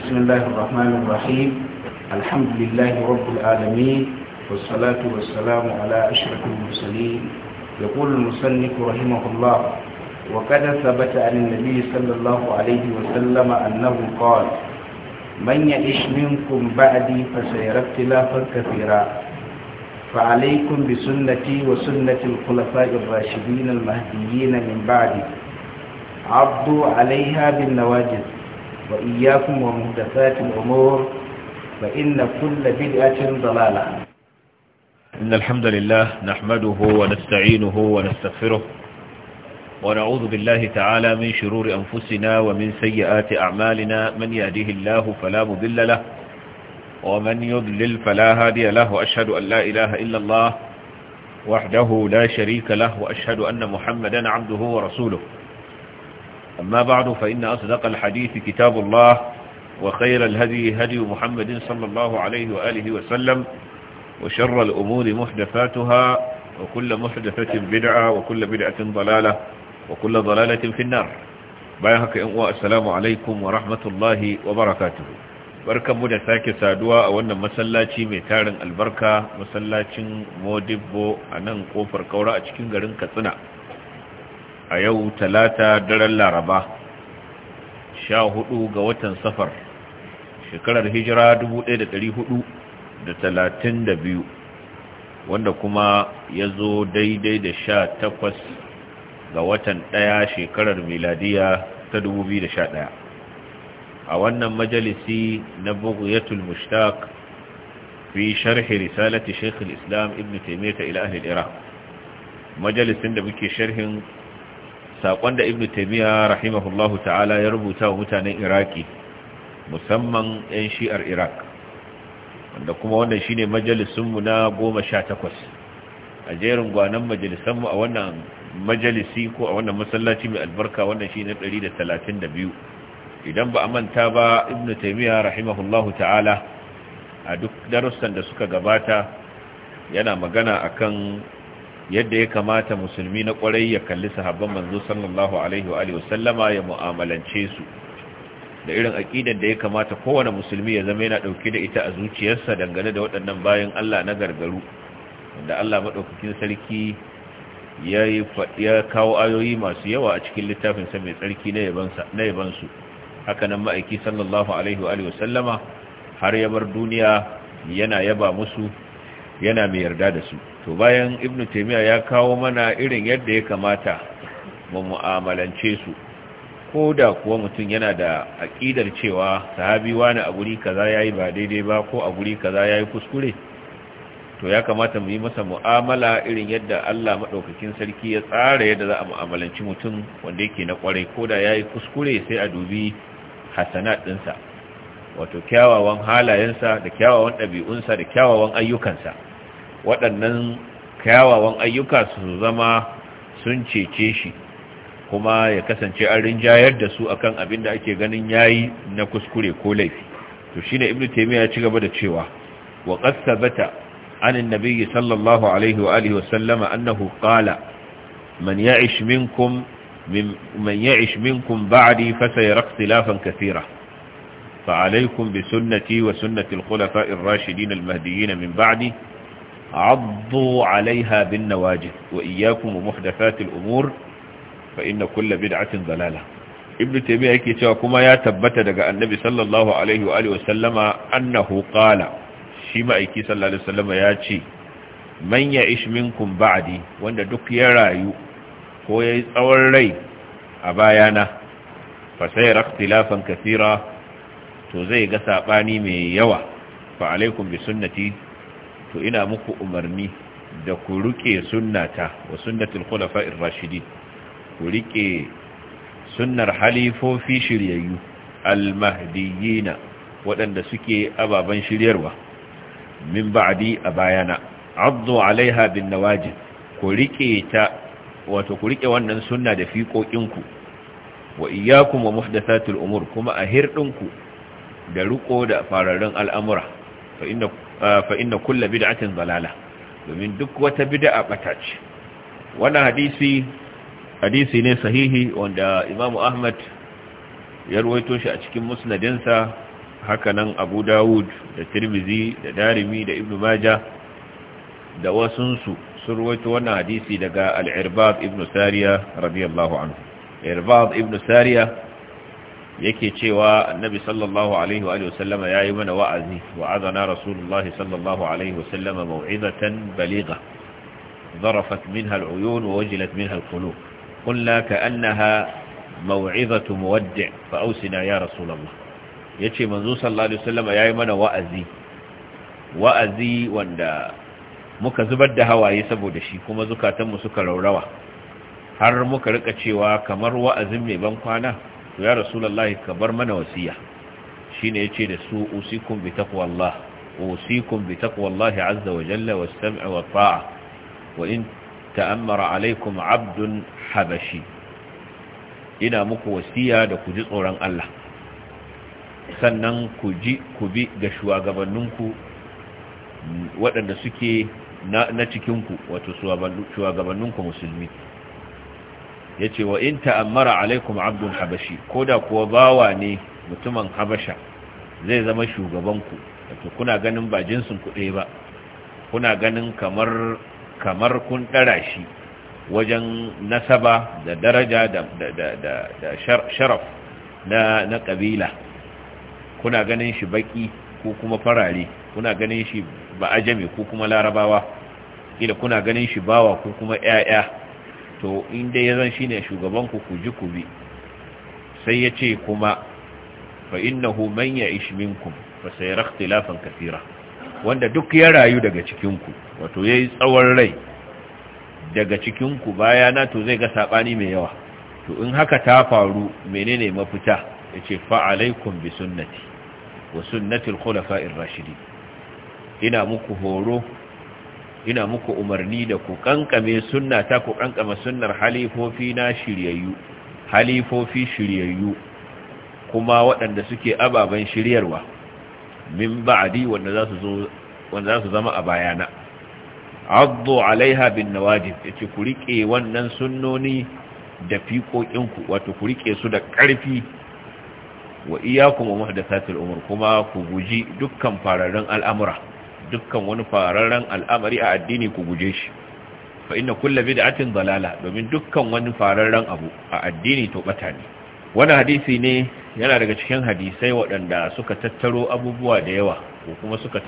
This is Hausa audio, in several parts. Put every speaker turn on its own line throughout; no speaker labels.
بسم الله الرحمن الرحيم الحمد لله رب العالمين والصلاة والسلام على أشرف المرسلين يقول المصنف رحمه الله وقد ثبت عن النبي صلى الله عليه وسلم أنه قال من يعش منكم بعدي فسيرى اختلافا كثيرا فعليكم بسنتي وسنة الخلفاء الراشدين المهديين من بعدي عضوا عليها بالنواجذ وإياكم ومهدفات الأمور فإن كل بدعة ضلالة إن الحمد لله نحمده ونستعينه ونستغفره ونعوذ بالله تعالى من شرور أنفسنا ومن سيئات أعمالنا من يهديه الله فلا مضل له ومن يضلل فلا هادي له وأشهد أن لا إله إلا الله وحده لا شريك له وأشهد أن محمدا عبده ورسوله أما بعد فإن أصدق الحديث كتاب الله وخير الهدي هدي محمد صلى الله عليه وآله وسلم وشر الأمور محدثاتها وكل محدثة بدعة وكل بدعة ضلالة وكل ضلالة في النار بايهك إنواء السلام عليكم ورحمة الله وبركاته بركة مدى ساكي سادوا أولا مسلاتي ميتارن البركة مسلاتي مودبو أنا نقوفر كورا أتكين غرن كثنا a yau talata daren laraba sha hudu ga watan safar shekarar hijira da talatin da biyu, wanda kuma ya zo daidai da sha takwas ga watan ɗaya shekarar miladiya ta ɗaya. a wannan majalisi na bugiyatul mushtaq fi sharhi risalati shaykh islam ibn Taimaita ila ahli iraq majalisin da muke sharhin saƙon da ibn taimiyya rahimahullahu ta'ala ya rubuta wa mutanen iraki musamman 'yan shi'ar iraq wanda kuma wannan shine majalisunmu na goma sha takwas a jerin gwanon majalisanmu a wannan majalisi ko a wannan masallaci mai albarka wannan shi na ɗari biyu. idan ba a manta ba ibn taimiyya rahimahullahu ta'ala a duk darussan da suka gabata yana magana akan yadda ya kamata musulmi na kwarai ya kalli sahabban manzo sallallahu alaihi wa sallama ya mu'amalance su da irin aƙidar da ya kamata kowane musulmi ya zama yana ɗauke da ita a zuciyarsa dangane da waɗannan bayan Allah na gargaru wanda Allah maɗaukakin sarki ya kawo ayoyi masu yawa a cikin littafin sa mai tsarki na yabansu haka nan ma'aiki sallallahu alaihi wa sallama har ya bar duniya yana yaba musu yana mai yarda da su to bayan ibnu taymiya ya kawo mana irin yadda ya kamata mu mu'amalance su ko da kuwa mutum yana da aƙidar cewa sahabi wani a guri kaza yayi ba daidai ba ko a guri kaza yayi kuskure to ya kamata mu yi masa mu'amala irin yadda Allah madaukakin sarki ya tsara yadda za a mu'amalanci mutum wanda yake na kwarai ko da yayi kuskure sai a dubi hasanat dinsa wato kyawawan halayensa da kyawawan ɗabi'unsa da kyawawan ayyukansa waɗannan kyawawan ayyuka su zama sun cece shi kuma ya kasance an rinjayar da su akan abin da ake ganin yayi na kuskure ko laifi to shine ibnu taymiya ya ci gaba da cewa wa qad thabata an annabi sallallahu alaihi wa alihi wa sallama annahu qala man ya'ish minkum من يعش منكم بعدي فسيرى اختلافا كثيرا sunnati بسنتي وسنة الخلفاء الراشدين المهديين min بعدي عضوا عليها بالنواجذ وإياكم ومحدثات الأمور فإن كل بدعة ضلالة ابن تيمية yake cewa kuma ya tabbata daga annabi sallallahu alaihi wa alihi wasallama annahu qala shi ma'aiki sallallahu alaihi ya ce man ya'ish minkum ba'di wanda duk ya rayu ko yayi tsawon rai a bayana fa sayara ikhtilafan kathira to zai ga saɓani mai yawa fa alaikum bi sunnati to ina muku umarni da ku rike sunnata wa sunnatul khulafa'ir rashidin ku rike sunnar halifofi shiryayyu al-mahdiyina waɗanda suke ababan shiryarwa min ba'di a bayana addu alaiha bin nawajib ku rike ta wato ku rike wannan sunna da fiƙoƙinku wa iyyakum wa muhdathatul umur kuma a da riko da fararen al'amura fa inna fa inna kulla bid'atin dalala domin duk wata bid'a batace ce wannan hadisi hadisi ne sahihi wanda Imam Ahmad ya ruwaito shi a cikin musnadinsa hakanan Abu Dawud da Tirmizi da Darimi da Ibn Majah da wasunsu sun ruwaito wannan hadisi daga Al-Irbad ibn Sariya radiyallahu anhu Irbad ibn Sariya yake cewa annabi sallallahu alaihi wa sallama yayi mana wa'azi wa'azana rasulullah sallallahu alaihi wa sallama zarafat min al'uyun wa wajilat minha al-qulub qulna ka'annaha maw'izatu muwaddi' fa awsina ya rasulullah yace manzo sallallahu alaihi wa sallama mana wa'azi wa'azi wanda muka zubar da hawaye saboda shi kuma zukatanmu suka raurawa har muka rika cewa kamar wa'azi mai ban kwana ya rasulullahi ka bar mana wasiya shine yace da su usikum bi taqwallah wa usikum bi taqwallah azza wa jalla sam'a wa ta'a wa in ta'ammara alaykum 'abdun habashi ina muku wasiya da ku ji tsoron Allah sannan ku ji ku bi ga shugabanninku waɗanda suke na ku wato shugabanninku musulmi Ya ce wa in ta'ammara alaikum abdun habashi da kuwa bawa ne mutumin habasha zai zama shugabanku. ku wato kuna ganin ba jinsin kuɗi ba kuna ganin kamar kun ɗara shi wajen nasaba da daraja da sharaf na na kabila kuna ganin shi baƙi ko kuma farare kuna ganin shi ba ajami ko kuma larabawa ila kuna ganin shi bawa ko kuma ƴaƴa to inda ya zan shine shugaban ku ku ji ku bi sai ya ce kuma fa innahu man ya'ish minkum fa sayara ikhtilafan wanda duk ya rayu daga cikin ku wato yayi tsawon rai daga cikin ku baya na to zai ga saɓani mai yawa to in haka ta faru menene mafita yace fa alaikum bi sunnati wa sunnati al-khulafa'ir rashidi ina muku horo ina muku umarni da ku kankame sunna ta ku kankama sunnar halifofi na shiryayyu halifofi shiryayyu kuma waɗanda suke ababen shiryarwa min ba'di wanda za su zo wanda za su zama a bayana addu alaiha bin nawajib yace ku rike wannan sunnoni da ku, wato ku rike su da ƙarfi wa iyyakum muhdathatil umur kuma ku guji dukkan fararen al'amura dukkan wani fararren al'amari a addini ku guje shi fa inna kulla bid'atin dalala domin dukkan wani fararren abu a addini to bata ne wani hadisi ne yana daga cikin hadisai waɗanda suka tattaro abubuwa da yawa ko kuma suka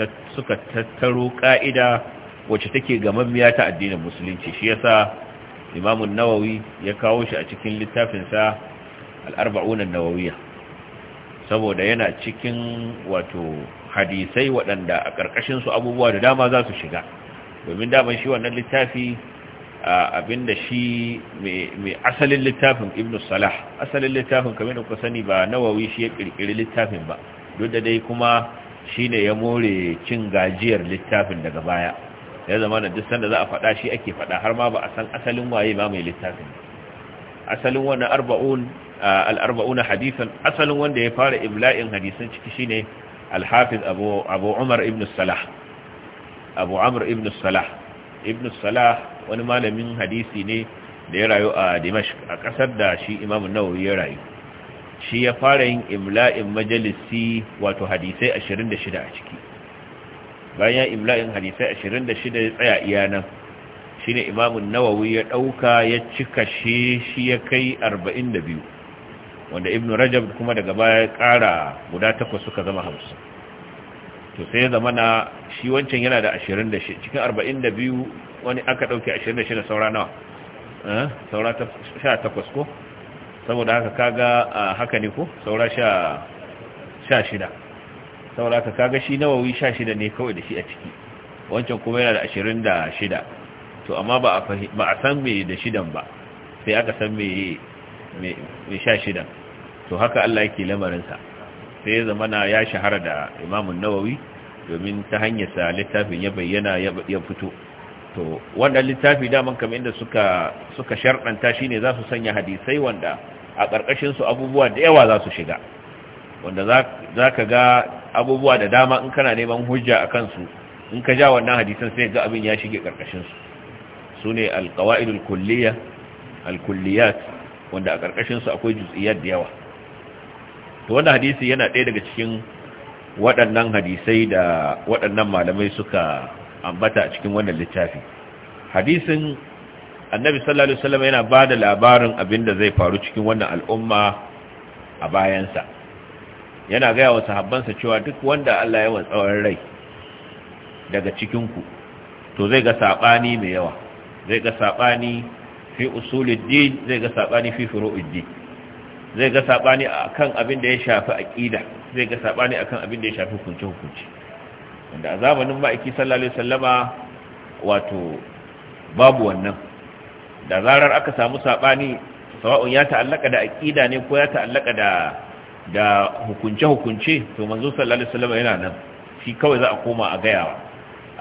tattaro ƙa'ida wacce take gamammiya ta addinin musulunci shi yasa imamun nawawi ya kawo shi a cikin littafin littafinsa an-Nawawiyya saboda yana cikin wato hadisai waɗanda a su abubuwa da dama za su shiga domin daman shi wannan littafi abinda shi mai asalin littafin ibn salah asalin littafin kamar da sani ba nawawi shi ya ƙirƙiri littafin ba duk da dai kuma shi ne ya more cin gajiyar littafin daga baya ya zama da duk sanda za a faɗa shi ake faɗa har ma ba a san asalin waye ba mai littafin asalin wannan arba'un al-arba'una hadisan asalin wanda ya fara ibla'in hadisan ciki shine alhafiz abu umar ibn salah ibn salah wani malamin hadisi ne da ya rayu a dimashq a ƙasar da shi imam ya rayu shi ya fara yin imla'in majalisi wato hadisai 26 a ciki bayan imla'in hadisai 26 ya tsaya iya nan shine imam nawawi ya dauka ya cika shi shi ya kai 42 wanda ibn rajab kuma daga baya ƙara guda takwas suka zama hamsin to sai ya zama na shi wancan yana da ashirin da shi cikin arba'in da biyu wani aka ɗauke ashirin da shi da saura nawa eh, saura sha takwas ko saboda haka kaga haka ne ko saura sha shida saboda haka kaga shi nawawi sha shida ne kawai da shi a ciki wancan kuma yana da ashirin da shida to amma ba a san me da shidan ba sai aka san me mai sha shida to haka Allah yake lamarinsa sai ya zamana ya shahara da imamun nawawi domin ta hanyarsa littafin ya bayyana ya fito to wannan littafi daman kamar inda suka suka sharɗanta shine za su sanya hadisai wanda a ƙarƙashinsu abubuwa da yawa za su shiga wanda za ka ga abubuwa da dama in kana neman hujja a kansu in ka ja wannan hadisan sai ga abin ya shige ƙarƙashinsu su ne alƙawa'idul kulliyat wanda a ƙarƙashinsu akwai juz'iyar da yawa to wannan hadisi yana ɗaya daga cikin waɗannan hadisai da waɗannan malamai suka ambata a cikin wannan littafi hadisin annabi sallallahu alaihi wasallam yana ba da labarin abin da zai faru cikin wannan al'umma a bayansa yana gaya wa sahabbansa cewa duk wanda Allah ya tsawon rai daga cikinku to zai ga saɓani mai yawa zai ga saɓani fi din zai ga sabani fi din zai ga sabani akan abin da ya shafi aqida zai ga sabani akan abin da ya shafi hukunci hukunci wanda a zamanin ma'aiki sallallahu alaihi wasallama wato babu wannan da zarar aka samu sabani sawa'un ya ta'allaka da aqida ne ko ya ta'allaka da da hukunce hukunce to manzo sallallahu alaihi wasallama yana nan shi kawai za a koma a gayawa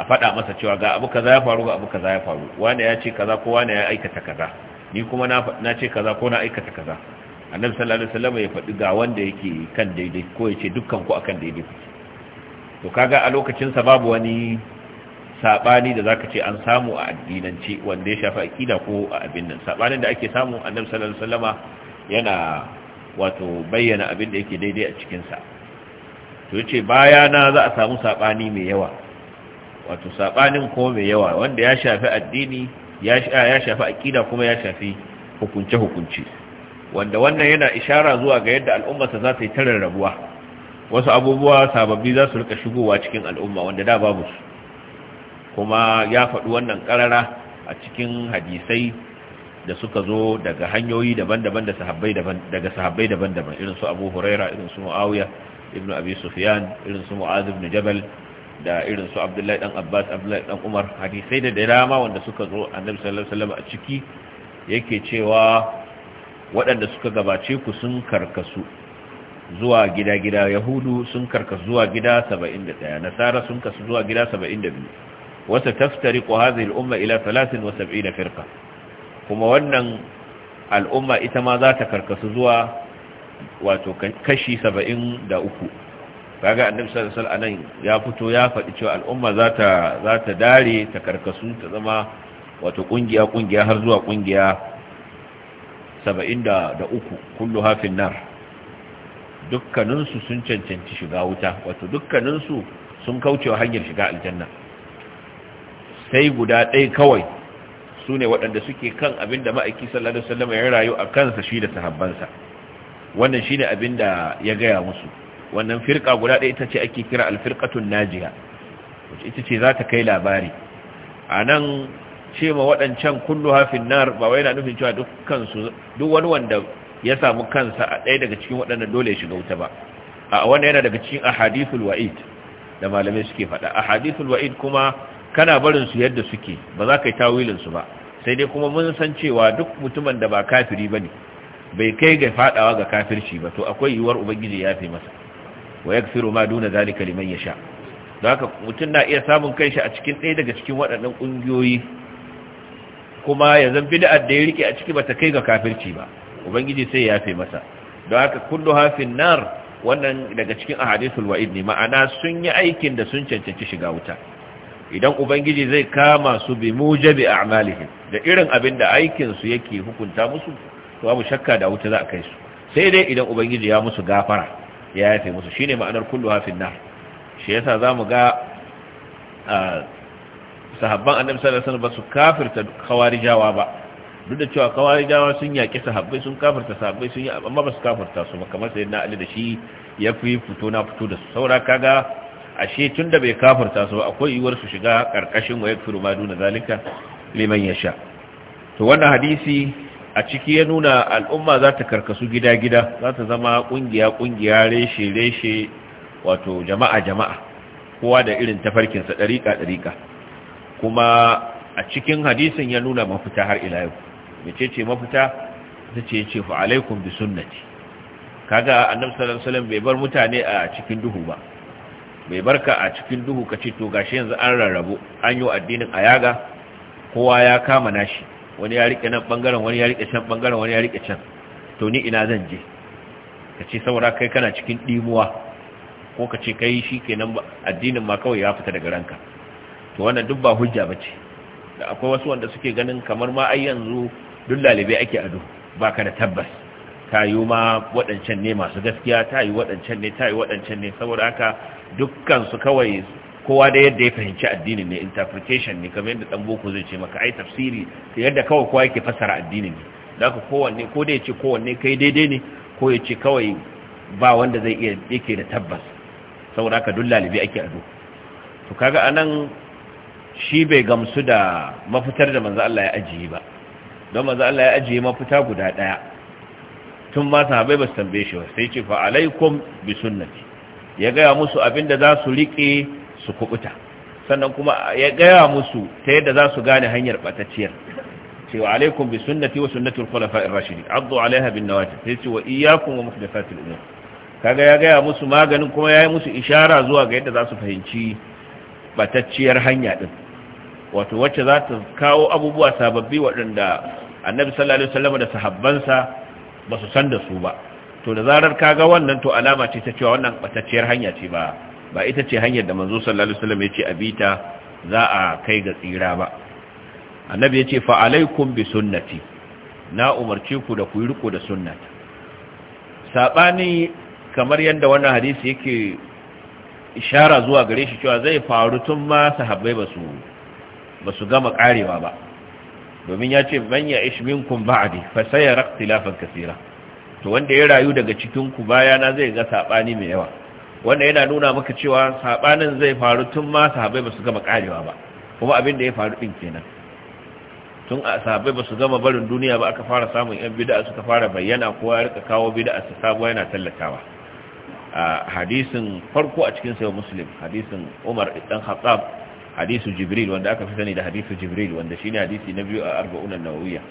a faɗa masa cewa ga abu kaza ya faru ga abu kaza ya faru wanda ya ce kaza ko wanda ya aikata kaza ni kuma na ce kaza ko na aikata kaza annabi sallallahu alaihi wasallam ya faɗi ga wanda yake kan daidai ko ya ce dukkan ku akan daidai kuke to kaga a lokacin sa babu wani sabani da zaka ce an samu a addinanci wanda ya shafi akida ko a abin nan sabanin da ake samu annabi sallallahu alaihi wasallama yana wato bayyana abin da yake daidai a cikin sa to yace baya na za a samu sabani mai yawa wato sabanin ko mai yawa wanda ya shafi addini ya shafi aqida kuma ya shafi hukunce hukunce wanda wannan yana ishara zuwa ga yadda al'ummarsa za ta yi tarin rabuwa wasu abubuwa sababbi za su rika shigowa cikin al'umma wanda da babu su kuma ya faɗi wannan ƙarara a cikin hadisai da suka zo daga hanyoyi daban-daban da sahabbai daban daga sahabbai daban-daban irin su Abu Huraira irin su Muawiya ibn Abi Sufyan irin su Mu'adh ibn Jabal da irin su abdullahi dan abbas abdullahi dan umar hadisai da dama wanda suka zo annabi sallallahu alaihi wasallam a ciki yake cewa waɗanda suka gabace ku sun karkasu zuwa gida-gida yahudu sun karkasu zuwa gida 71 nasara sun kasu zuwa gida 72 wasa taftariqu hadhihi al-umma ila 73 firqa kuma wannan al'umma ita ma za ta karkasu zuwa wato kashi 73 kaga annabi sallallahu alaihi wasallam ya fito ya faɗi cewa al'umma za ta za ta dare ta karkasu ta zama wato kungiya kungiya har zuwa kungiya 73 kullu hafin nar dukkanin su sun cancanci shiga wuta wato dukkanin su sun kaucewa hanyar shiga aljanna sai guda ɗaya kawai su ne waɗanda suke kan abin da ma'aiki sallallahu alaihi wasallam ya rayu a kansa shi da sahabbansa wannan shine abin da ya gaya musu wannan firka guda ɗaya ita ce ake kira alfirkatun najiya wacce ita ce za ta kai labari a nan ce ma waɗancan kullu hafin nar ba wai na nufin cewa dukkansu duk wani wanda ya samu kansa a ɗaya daga cikin waɗannan dole ya shiga wuta ba a wannan yana daga cikin ahadithul wa'id da malamai suke faɗa ahadithul wa'id kuma kana barin su yadda suke ba za ka yi tawilin su ba sai dai kuma mun san cewa duk mutumin da ba kafiri bane bai kai ga fadawa ga kafirci ba to akwai yiwuwar ubangiji ya fi masa wa yaksiru ma duna zalika liman yasha don haka mutum na iya samun kanshi a cikin ɗaya daga cikin waɗannan ƙungiyoyi kuma ya zan bid'ar da ya rike a ciki bata kai ga kafirci ba ubangiji sai ya yafe masa don haka kullu hafin nar wannan daga cikin ahadithul wa'id ne ma'ana sun yi aikin da sun cancanci shiga wuta idan ubangiji zai kama su bi mujabi a'malihim da irin abin da aikin su yake hukunta musu to babu shakka da wuta za a kai su sai dai idan ubangiji ya musu gafara ya yafe musu shine ma'anar kullu hafin nar shi yasa zamu ga sahabban annabi sallallahu alaihi wasallam ba su kafirta khawarijawa ba duk da cewa khawarijawa sun yaki sahabbai sun kafirta sahabbai sun yi amma ba su kafirta su ba kamar sai na Ali da shi ya fi fito na fito da saura kaga ashe tunda bai kafirta su ba akwai yiwuwar su shiga karkashin wa yakfiru ma duna zalika liman yasha to wannan hadisi a ciki ya nuna al'umma za ta karkasu gida-gida za ta zama kungiya-kungiya reshe-reshe wato jama'a-jama'a kowa da irin tafarkinsa ɗariƙa-ɗariƙa kuma a cikin hadisin ya nuna mafita har ila yau mace ce mafita ta ce ce fa alaikum bi sunnati kaga annabi sallallahu alaihi bai bar mutane a cikin duhu ba bai barka a cikin duhu kace to gashi yanzu an rarrabu an yi addinin ayaga kowa ya kama nashi wani ya rike nan bangaren wani ya rike can bangaren wani ya rike can to ni ina zan je ka ce saura kai kana cikin dimuwa ko ka ce kai shi kenan addinin ma kawai ya fita daga ranka to wannan duk ba hujja ba ce da akwai wasu wanda suke ganin kamar ma ai yanzu duk lalibai ake ado baka da tabbas ta yi ma waɗancan ne masu gaskiya ta yi waɗancan ne ta yi waɗancan ne saboda haka dukkan su kawai kowa da yadda ya fahimci addinin ne interpretation ne kamar yadda dan boko zai ce maka ai tafsiri yadda kawai kowa yake fassara addinin ne zaka kowanne ko da yace kowanne kai daidai ne ko yace kawai ba wanda zai iya yake da tabbas saboda haka duk lalibi ake ado to kaga anan shi bai gamsu da mafitar da manzo Allah ya ajiye ba don manzo Allah ya ajiye mafita guda daya tun ma sahabbai ba su tambaye shi ba sai ce fa alaikum bi sunnati ya gaya musu abinda za su riƙe. su kubuta sannan kuma ya gaya musu ta yadda za su gane hanyar batacciyar cewa alaikum bi sunnati wa sunnatul khulafa'ir rashidin addu alaiha bin nawajib sai ce wa iyyakum wa muhdathatil umur kaga ya gaya musu maganin kuma yayi musu ishara zuwa ga yadda za su fahimci batacciyar hanya din wato wacce za ta kawo abubuwa sababbi waɗanda annabi sallallahu alaihi wasallam da sahabbansa ba su san da su ba to da zarar kaga wannan to alama ce ta cewa wannan batacciyar hanya ce ba ba ita ce hanyar da manzo sallallahu alaihi wasallam yace abita za a kai ga tsira ba annabi yace fa alaikum bi sunnati na umarce ku da ku yi riko da sunnata sabani kamar yadda wannan hadisi yake ishara zuwa gare shi cewa zai faru tun ma sahabbai basu basu gama karewa ba domin yace ce man ya ish minkum ba'di fa sayara ikhtilafan kaseera to wanda ya rayu daga cikin ku bayana zai ga sabani mai yawa wanda yana nuna maka cewa sabanin zai faru tun ma sahabbai ba su gama karewa ba kuma abin da ya faru din kenan tun a sahabbai ba su gama barin duniya ba aka fara samun yan bid'a suka fara bayyana kowa ya rika kawo bid'a su sabuwa yana tallatawa a hadisin farko a cikin sayyid muslim hadisin umar dan khattab hadisu jibril wanda aka fi sani da hadisu jibril wanda shine hadisi na biyu a arba'un an-nawawiyya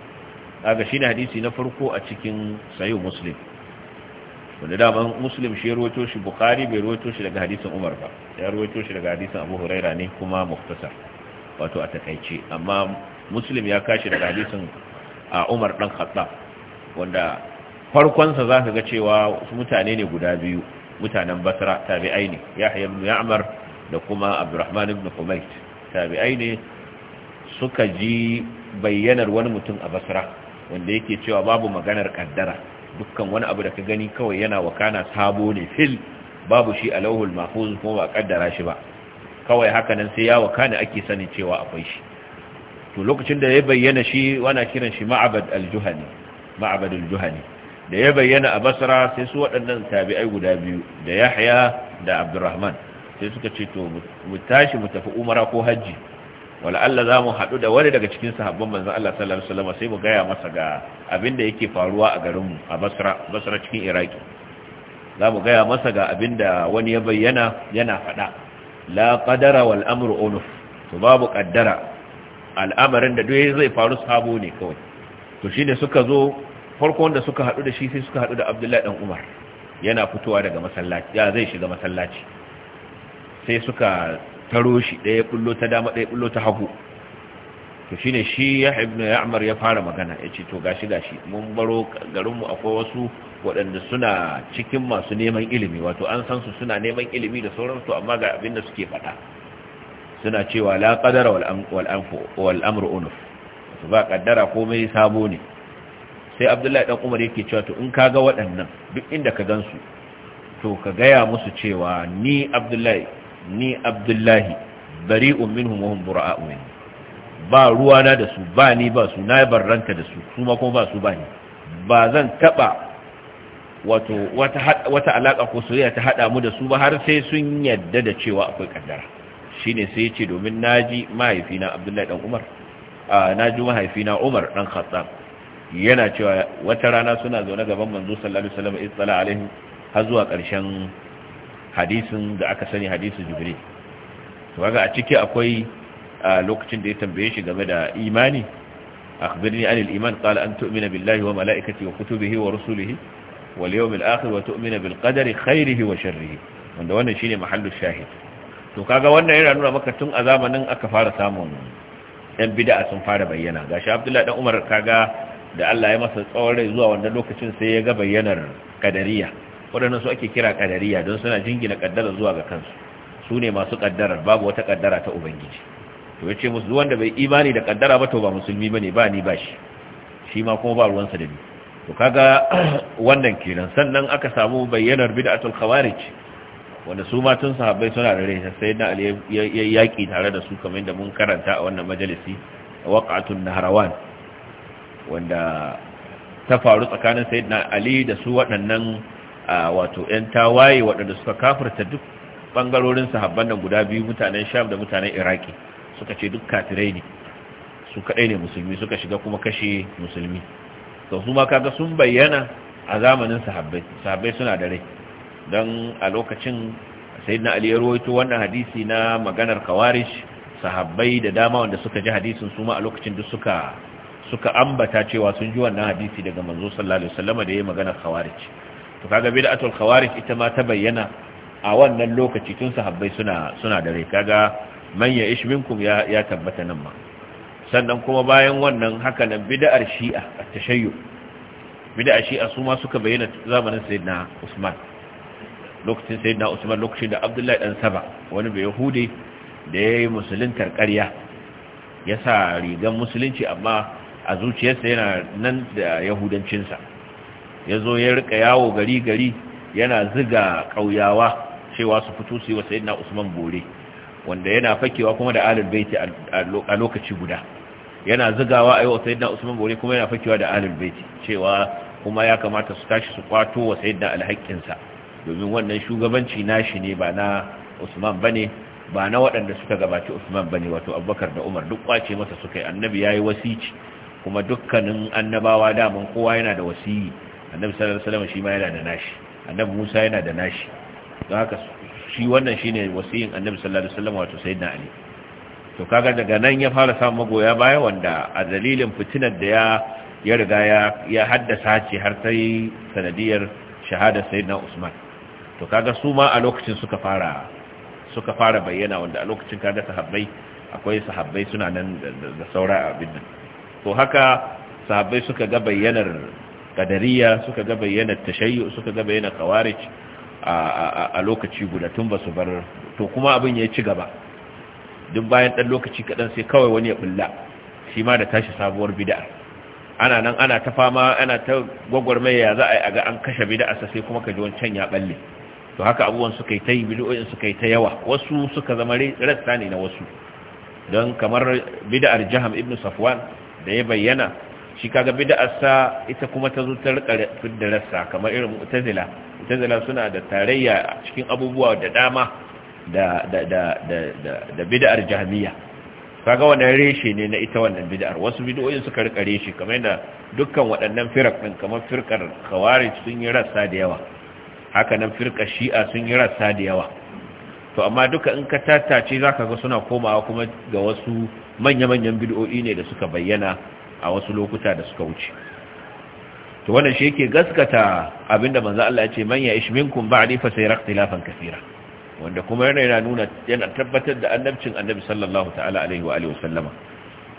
kaga shine hadisi na farko a cikin sayyid muslim wanda daman muslim shi rawaito shi bukhari bai ruwato shi daga hadisin umar ba ya rawaito shi daga hadisin abu huraira ne kuma muftasar wato a takaice amma muslim ya kashi daga hadisin a umar dan khattab wanda farkonsa za ka ga cewa mutane ne guda biyu mutanen basra tabi'ai ne yahya ibn ya'mar da kuma abdurrahman ibn humayt tabi'ai ne suka ji bayyanar wani mutum a basra wanda yake cewa babu maganar kaddara dukkan wani abu da ka gani kawai yana wakana sabo ne fil babu shi a lauhul mahfuz kuma ba kaddara shi ba kawai haka nan sai ya wakana ake sanin cewa akwai shi to lokacin da ya bayyana shi wana kiran shi ma'abad al-juhani ma'abad al-juhani da ya bayyana a basra sai su waɗannan tabi'ai guda biyu da yahya da abdurrahman sai suka ce to mu tashi mu tafi umara ko hajji wala Allah za mu haɗu da wani daga cikin sahabban manzan Allah sallallahu Alaihi wasallam sai mu gaya masa ga abin da yake faruwa a garinmu a basra basra cikin iraki za mu gaya masa ga abin da wani ya bayyana yana faɗa la qadara wal amru unuf to babu qaddara al'amarin da duk zai faru sabo ne kawai to shine suka zo farko wanda suka haɗu da shi sai suka haɗu da Abdullahi dan Umar yana fitowa daga masallaci ya zai shiga masallaci sai suka ta roshi ɗaya bullo ta dama ɗaya bullo ta hagu to shine shi ya ibnu ya'mar ya fara magana ya ce to gashi gashi mun baro garinmu akwai wasu waɗanda suna cikin masu neman ilimi wato an san su suna neman ilimi da sauransu amma ga abin da suke faɗa suna cewa la qadara wal unuf to ba kaddara komai sabo ne sai abdullahi dan umar yake cewa to in kaga waɗannan duk inda ka gansu to ka gaya musu cewa ni abdullahi ni abdullahi bari'un minhum wa hum bura'u min ba ruwana da su ba ni ba su na barranta da su su ma kuma ba su ba ni ba zan taba wato wata wata alaka ko soyayya ta hada mu da su ba har sai sun yadda da cewa akwai kaddara shine sai yace domin naji mahaifina abdullahi dan umar a naji mahaifina umar dan khattab yana cewa wata rana suna zaune gaban manzo sallallahu alaihi wasallam izzala alaihi har zuwa ƙarshen hadisin da aka sani hadisin jibril to kaga a ciki akwai lokacin da ya tambaye shi game da imani akhbirni anil iman qala an tu'mina billahi wa malaikatihi wa kutubihi wa rusulihi wal yawmil akhir wa tu'mina bil qadari khairihi wa sharrihi wanda wannan shine mahallu shahid to kaga wannan yana nuna maka tun a zamanin aka fara samun yan bid'a sun fara bayyana gashi Abdullahi dan Umar kaga da Allah ya masa tsawon rai zuwa wannan lokacin sai ya ga bayyanar kadariya waɗannan su ake kira ƙadariya don suna jingina ƙaddara zuwa ga kansu su ne masu ƙaddarar babu wata ƙaddara ta ubangiji to ya ce musu wanda bai imani da ƙaddara ba to ba musulmi ba ne ba ni ba shi shi ma kuma ba ruwansa da ni to kaga wannan kenan sannan aka samu bayyanar bid'atul khawarij wanda su ma tun sahabbai suna da rai sai na ali ya yaki tare da su kamar da mun karanta a wannan majalisi waqatun nahrawan wanda ta faru tsakanin sayyidina ali da su waɗannan wato 'yan tawaye waɗanda suka kafirta duk bangarorin sahabban nan guda biyu mutanen sham da mutanen iraki suka ce duk katirai ne su kaɗai ne musulmi suka shiga kuma kashe musulmi to su ma kaga sun bayyana a zamanin sahabbai sahabbai suna da rai don a lokacin sayyidina ali ya wannan hadisi na maganar kawarish sahabbai da dama wanda suka ji hadisin su ma a lokacin duk suka suka ambata cewa sun ji wannan hadisi daga manzo sallallahu alaihi wasallam da yi maganar kawarish to kaga bid'atul khawarij ita ma ta bayyana a wannan lokaci tun sahabbai suna suna da rai kaga man ya ish minkum ya ya tabbata nan ma sannan kuma bayan wannan haka nan bid'ar shi'a at-tashayyu bid'ar shi'a su ma suka bayyana zamanin sayyidina Usman lokacin sayyidina Usman lokacin da Abdullahi dan Saba wani bai yahudi da yayi musuluntar ƙarya ya sa rigan musulunci amma a zuciyarsa yana nan da yahudancinsa ya zo ya rika yawo gari gari yana ziga ƙauyawa cewa su fito su yi wa sayyidina usman bore wanda yana fakewa kuma da alul baiti a lokaci guda yana zigawa ayi wa sayyidina usman bore kuma yana fakewa da alul baiti cewa kuma ya kamata su tashi su kwato wa sayyidina alhakinsa, domin wannan shugabanci nashi ne ba na usman bane ba na waɗanda suka gabaci usman bane wato abubakar da umar duk kwace masa suka yi annabi ya yi wasici kuma dukkanin annabawa daman kowa yana da wasiyi annabi sallallahu alaihi wasallam shi ma yana da nashi annabi Musa yana da nashi don haka shi wannan shine wasiyin annabi sallallahu alaihi wasallam wato sayyidina Ali to kaga daga nan ya fara samun magoya baya wanda a dalilin fitinar da ya ya riga ya ya haddasa ce har sai sanadiyar shahada sayyidina Usman to kaga su ma a lokacin suka fara suka fara bayyana wanda a lokacin kaga sahabbai akwai sahabbai suna nan da saura abin nan to haka sahabbai suka ga bayyanar kadariya suka ga bayyana tashayyu suka ga bayyana kawarij a lokaci guda tun ba su bar to kuma abin ya ci gaba duk bayan dan lokaci kadan sai kawai wani ya bulla shi ma da tashi sabuwar bid'a ana nan ana ta fama ana ta ya za a yi aga an kashe bid'a sai kuma ka ji wancan ya balle to haka abubuwan suka yi ta yi bid'o'in suka yi ta yawa wasu suka zama rasta ne na wasu don kamar bid'ar jaham ibn safwan da ya bayyana shi kaga sa ita kuma ta zo ta rika fiddarsa kamar irin mu'tazila mu'tazila suna da tarayya cikin abubuwa da dama da da da da da bid'ar jahmiya kaga wannan reshe ne na ita wannan bid'ar wasu bid'o'in suka rika reshe kamar yadda dukkan waɗannan firak din kamar firkar khawarij sun yi rassa da yawa haka nan firkar shi'a sun yi rassa da yawa to amma duka in ka tattace zaka ga suna komawa kuma ga wasu manya-manyan bid'o'i ne da suka bayyana a wasu lokuta da suka wuce to wannan shi yake gaskata abinda manzo Allah ya ce man ya ishmin kun ba'di fa sayra ikhtilafan kaseera wanda kuma yana yana nuna yana tabbatar da annabcin annabi sallallahu ta'ala alaihi wa alihi wasallama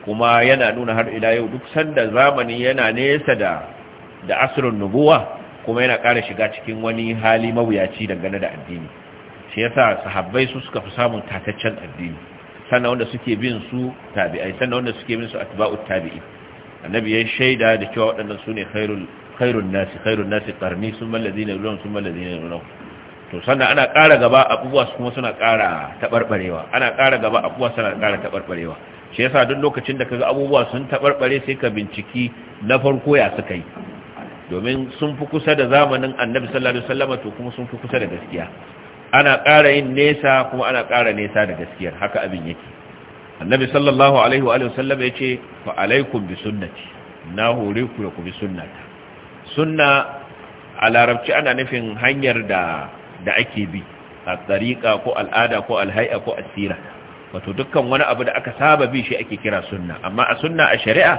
kuma yana nuna har ila yau duk sanda zamani yana nesa da da asrun nubuwa kuma yana ƙara shiga cikin wani hali mawuyaci dangane da addini shi yasa sahabbai su suka fi samun tataccen addini sannan wanda suke bin su tabi'ai sannan wanda suke bin su atba'ut tabi'i annabi ya shaida da cewa waɗannan su ne khairun nasi khairun nasi karni sun mallazi na ruwan sun mallazi na ruwan to sannan ana ƙara gaba abubuwa kuma suna ƙara taɓarɓarewa ana ƙara gaba abubuwa suna ƙara taɓarɓarewa shi yasa duk lokacin da kaga abubuwa sun taɓarɓare sai ka binciki na farko ya suka yi domin sun fi kusa da zamanin annabi sallallahu alaihi wasallam to kuma sun fi kusa da gaskiya ana ƙara yin nesa kuma ana ƙara nesa da gaskiyar haka abin yake annabi sallallahu alaihi wa sallam ya ce fa alaikum bi sunnati na hore ku ku bi sunnata sunna a larabci ana nufin hanyar da da ake bi a tsariƙa ko al'ada ko alhai'a ko asira wato dukkan wani abu da aka saba bi shi ake kira sunna amma a sunna a shari'a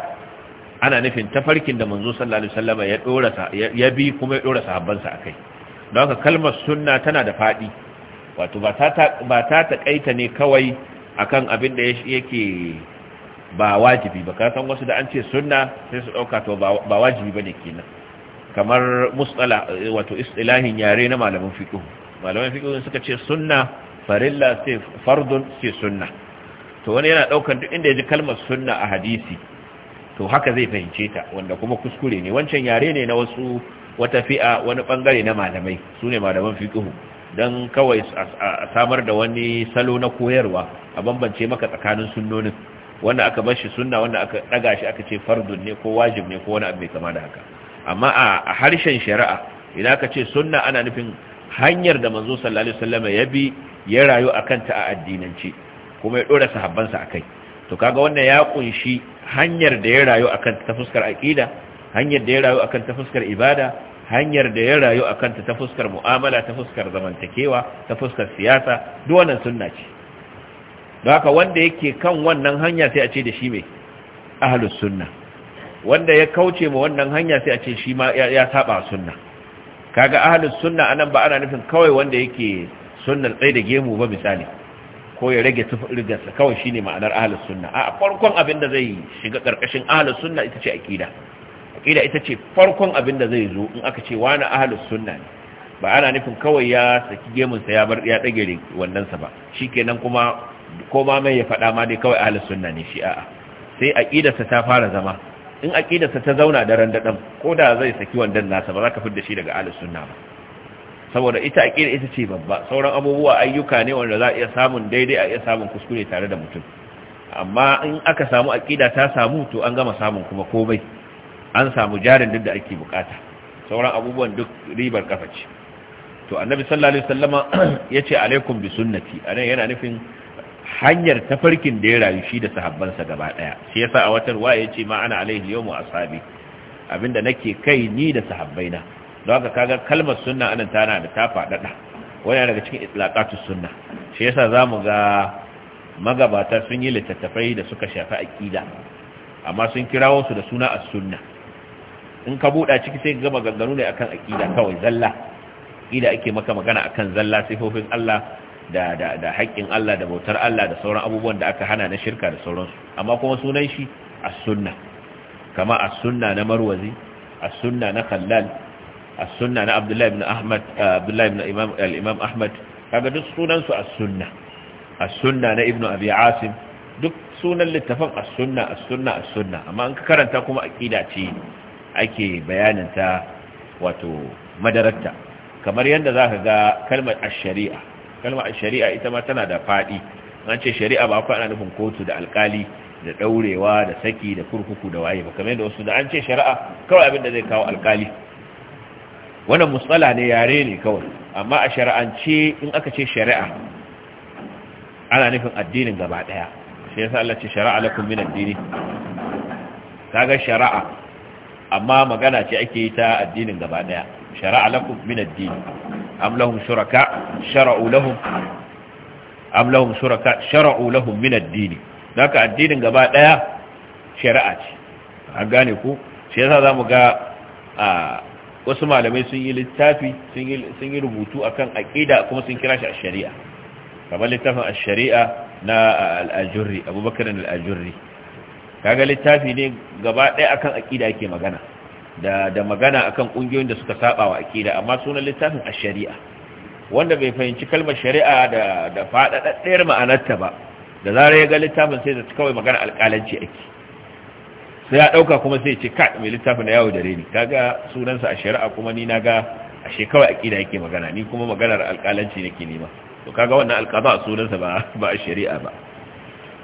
ana nufin tafarkin da manzo sallallahu alaihi wasallam ya dora ya bi kuma ya dora sa akai don haka kalmar sunna tana da fadi wato ba ta ba ta takaita ne kawai akan abin da yake ba wajibi ba ka san wasu da an ce sunna sai su dauka to ba wajibi bane kenan kamar musala wato istilahin yare na malaman fiqh malaman fiqh suka ce sunna farilla sai fardun sai sunna to wani yana daukan duk inda yaji kalmar sunna a hadisi to haka zai fahimce ta wanda kuma kuskure ne wancan yare ne na wasu wata fi'a wani bangare na malamai sune malaman fiqh don kawai a samar da wani salo na koyarwa a bambance maka tsakanin sunnonin wanda aka bar sunna wanda aka daga shi aka ce fardun ne ko wajib ne ko wani abu mai kama da haka amma a harshen shari'a idan aka ce sunna ana nufin hanyar da manzo sallallahu alaihi wasallam ya bi ya rayu akan ta a addinance kuma ya dora sahabbansa akai to kaga wannan ya kunshi hanyar da ya rayu akan ta fuskar aqida hanyar da ya rayu akan ta fuskar ibada hanyar da ya rayu a kanta ta fuskar mu'amala ta fuskar zamantakewa ta fuskar siyasa duk wannan sunna ce don haka wanda yake kan wannan hanya sai a ce da shi mai ahlus sunna wanda ya kauce ma wannan hanya sai a ce shi ma ya saba sunna kaga ahlus sunna anan ba ana nufin kawai wanda yake sunnar tsaye da gemu ba misali ko ya rage rigarsa kawai shine ma'anar ahlus sunna a farkon abin da zai shiga karkashin ahlus sunna ita ce akida kila ita ce farkon abin da zai zo in aka ce wani ahalus sunna ne ba ana nufin kawai ya saki gemunsa ya bar ya dage wannansa ba shikenan kuma ma mai ya faɗa ma dai kawai ahalus sunna ne shi a'a sai aqidarsa ta fara zama in aqidarsa ta zauna daren dadan ko da zai saki wannan nasa ba za ka fidda shi daga ahalus sunna ba saboda ita aqida ita ce babba sauran abubuwa ayyuka ne wanda za a iya samun daidai a iya samun kuskure tare da mutum amma in aka samu aqida ta samu to an gama samun kuma komai an samu jarin duk da ake bukata sauran abubuwan duk ribar kafa ce to annabi sallallahu alaihi wasallama yace alaikum bi sunnati anan yana nufin hanyar tafarkin da ya rayu shi da sahabbansa gaba daya shi yasa a watan wa yace ma ana alaihi yawmu ashabi abinda nake kai ni da sahabbaina don haka kaga kalmar sunna anan tana da ta fadada wannan daga cikin itlaqatus sunna shi yasa zamu ga magabata sun yi littattafai da suka shafi aqida amma sun kirawo su da suna as-sunna in ka buɗa ciki sai ka gama ganganu ne akan aƙida kawai zalla aƙida ake maka magana akan zalla sifofin Allah da da da haƙƙin Allah da bautar Allah da sauran abubuwan da aka hana na shirka da sauransu amma kuma sunan shi as-sunna kama as-sunna na Marwazi as-sunna na Khallal as-sunna na Abdullah ibn Ahmad eh, Abdullah ibn Imam al-Imam Ahmad kaga duk sunan su as-sunna as-sunna na Ibn Abi Asim duk sunan littafin as-sunna as-sunna as-sunna amma an ka karanta kuma aqida ce ake bayanin ta wato madararta kamar yadda za ka ga kalmar sharia kalmar sharia ita ma tana da faɗi an ce shari'a ba kwa ana nufin kotu da alkali da ɗaurewa da saki da kurkuku da waye ba kamar yadda wasu da an ce shari'a kawai abin da zai kawo alkali wannan musala ne yare ne kawai amma a shari'ance in aka ce shari'a ana nufin addinin gaba daya shi yasa Allah ce shari'a lakum min Ka kaga shari'a amma magana ce ake yi ta addinin gaba daya shara'a lakum min ad-din am lahum shuraka shara'u lahum am lahum shuraka shara'u lahum min ad-din haka addinin gaba daya shari'a ce an gane ku shi yasa zamu ga wasu malamai sun yi littafi sun yi rubutu akan aqida kuma sun kira shi a shari'a kamar littafin a shari'a na al-ajurri abubakar al-ajurri kaga littafi ne gaba ɗaya akan akida yake magana da da magana akan ƙungiyoyin da suka saba wa aƙida, amma sunan littafin ash-shari'a wanda bai fahimci kalmar shari'a da da fadadaddiyar ma'anarta ba da zarar ya ga littafin sai da kawai magana alƙalanci ake sai ya dauka kuma sai ce ka mai littafin da yawo dare ni kaga sunansa a shari'a kuma ni na ga ashe kawai aqida yake magana ni kuma maganar alƙalanci nake nema to kaga wannan a sunansa ba ba shari'a ba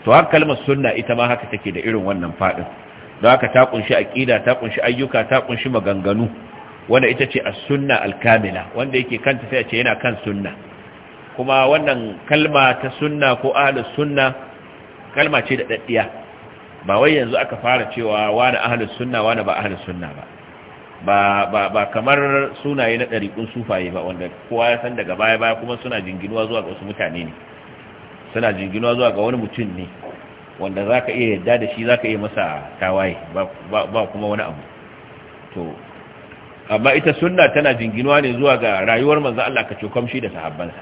to haka kalmar sunna ita ma haka take da irin wannan fadin don haka ta kunshi aƙida ta kunshi ayyuka ta kunshi maganganu wanda ita ce as-sunna al wanda yake kanta sai a ce yana kan sunna kuma wannan kalma ta sunna ko ahlus sunna kalma ce da daddiya ba wai yanzu aka fara cewa wani ahlus sunna wani ba ahlus sunna ba ba ba ba kamar sunaye na dariƙun sufaye ba wanda kowa ya san daga baya baya kuma suna jinginuwa zuwa ga wasu mutane ne tana jinginuwa zuwa ga wani mutum ne wanda za ka iya yadda da shi za ka iya masa tawaye ba kuma wani abu to amma ita sunna tana jinginuwa ne zuwa ga rayuwar manzan Allah ka cokam shi da sahabbansa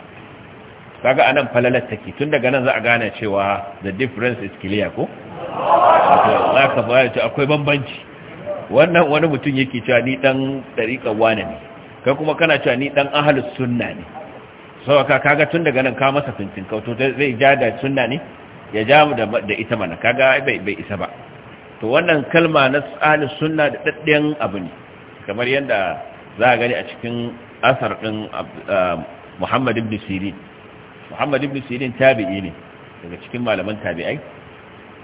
kaga anan falalar take tun daga nan za a gane cewa the difference is clear ko za ka bayar ce akwai bambanci wannan wani mutum yake cewa ni dan dariƙar wane ne kai kuma kana cewa ni dan ahalus sunna ne sauka kaga tun daga nan ka masa fintin kautu zai ja da sunna ne ya ja mu da ita mana kaga bai bai isa ba to wannan kalma na ahli sunna da daddiyan abu ne kamar yadda za a gani a cikin asar din ah, Muhammad ibn Sirin Muhammad ibn Sirin tabi'i ne daga cikin malaman tabi'ai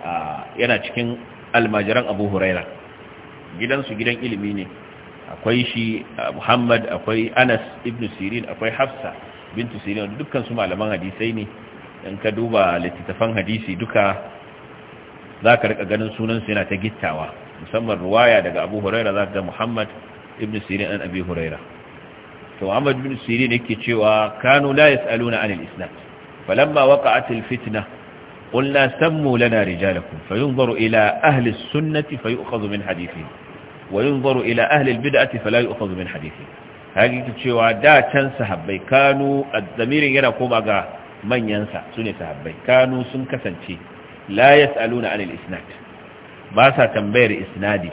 ah, yana cikin almajiran Abu Huraira gidansu gidan ilimi ne akwai shi ah, Muhammad akwai Anas ibn Sirin akwai Hafsa bintu sirin dukkan su malaman hadisai ne in ka duba littattafan hadisi duka za ka rika ganin sunansu yana ta gittawa musamman ruwaya daga abu huraira za ga muhammad ibn sirin an abi huraira to muhammad ibn sirin yake cewa kanu la yas'aluna anil isnad falamma waqa'at al fitna qulna sammu lana rijalakum fayunzaru ila ahli as-sunnah fayu'khadhu min hadithihim وينظر إلى أهل البدعة فلا يؤخذ من حديثهم hakiki cewa da can sahabbai kanu zamirin yana koma ga manyansa su ne sahabbai kanu sun kasance la yas'aluna anil isnad ba sa tambayar isnadi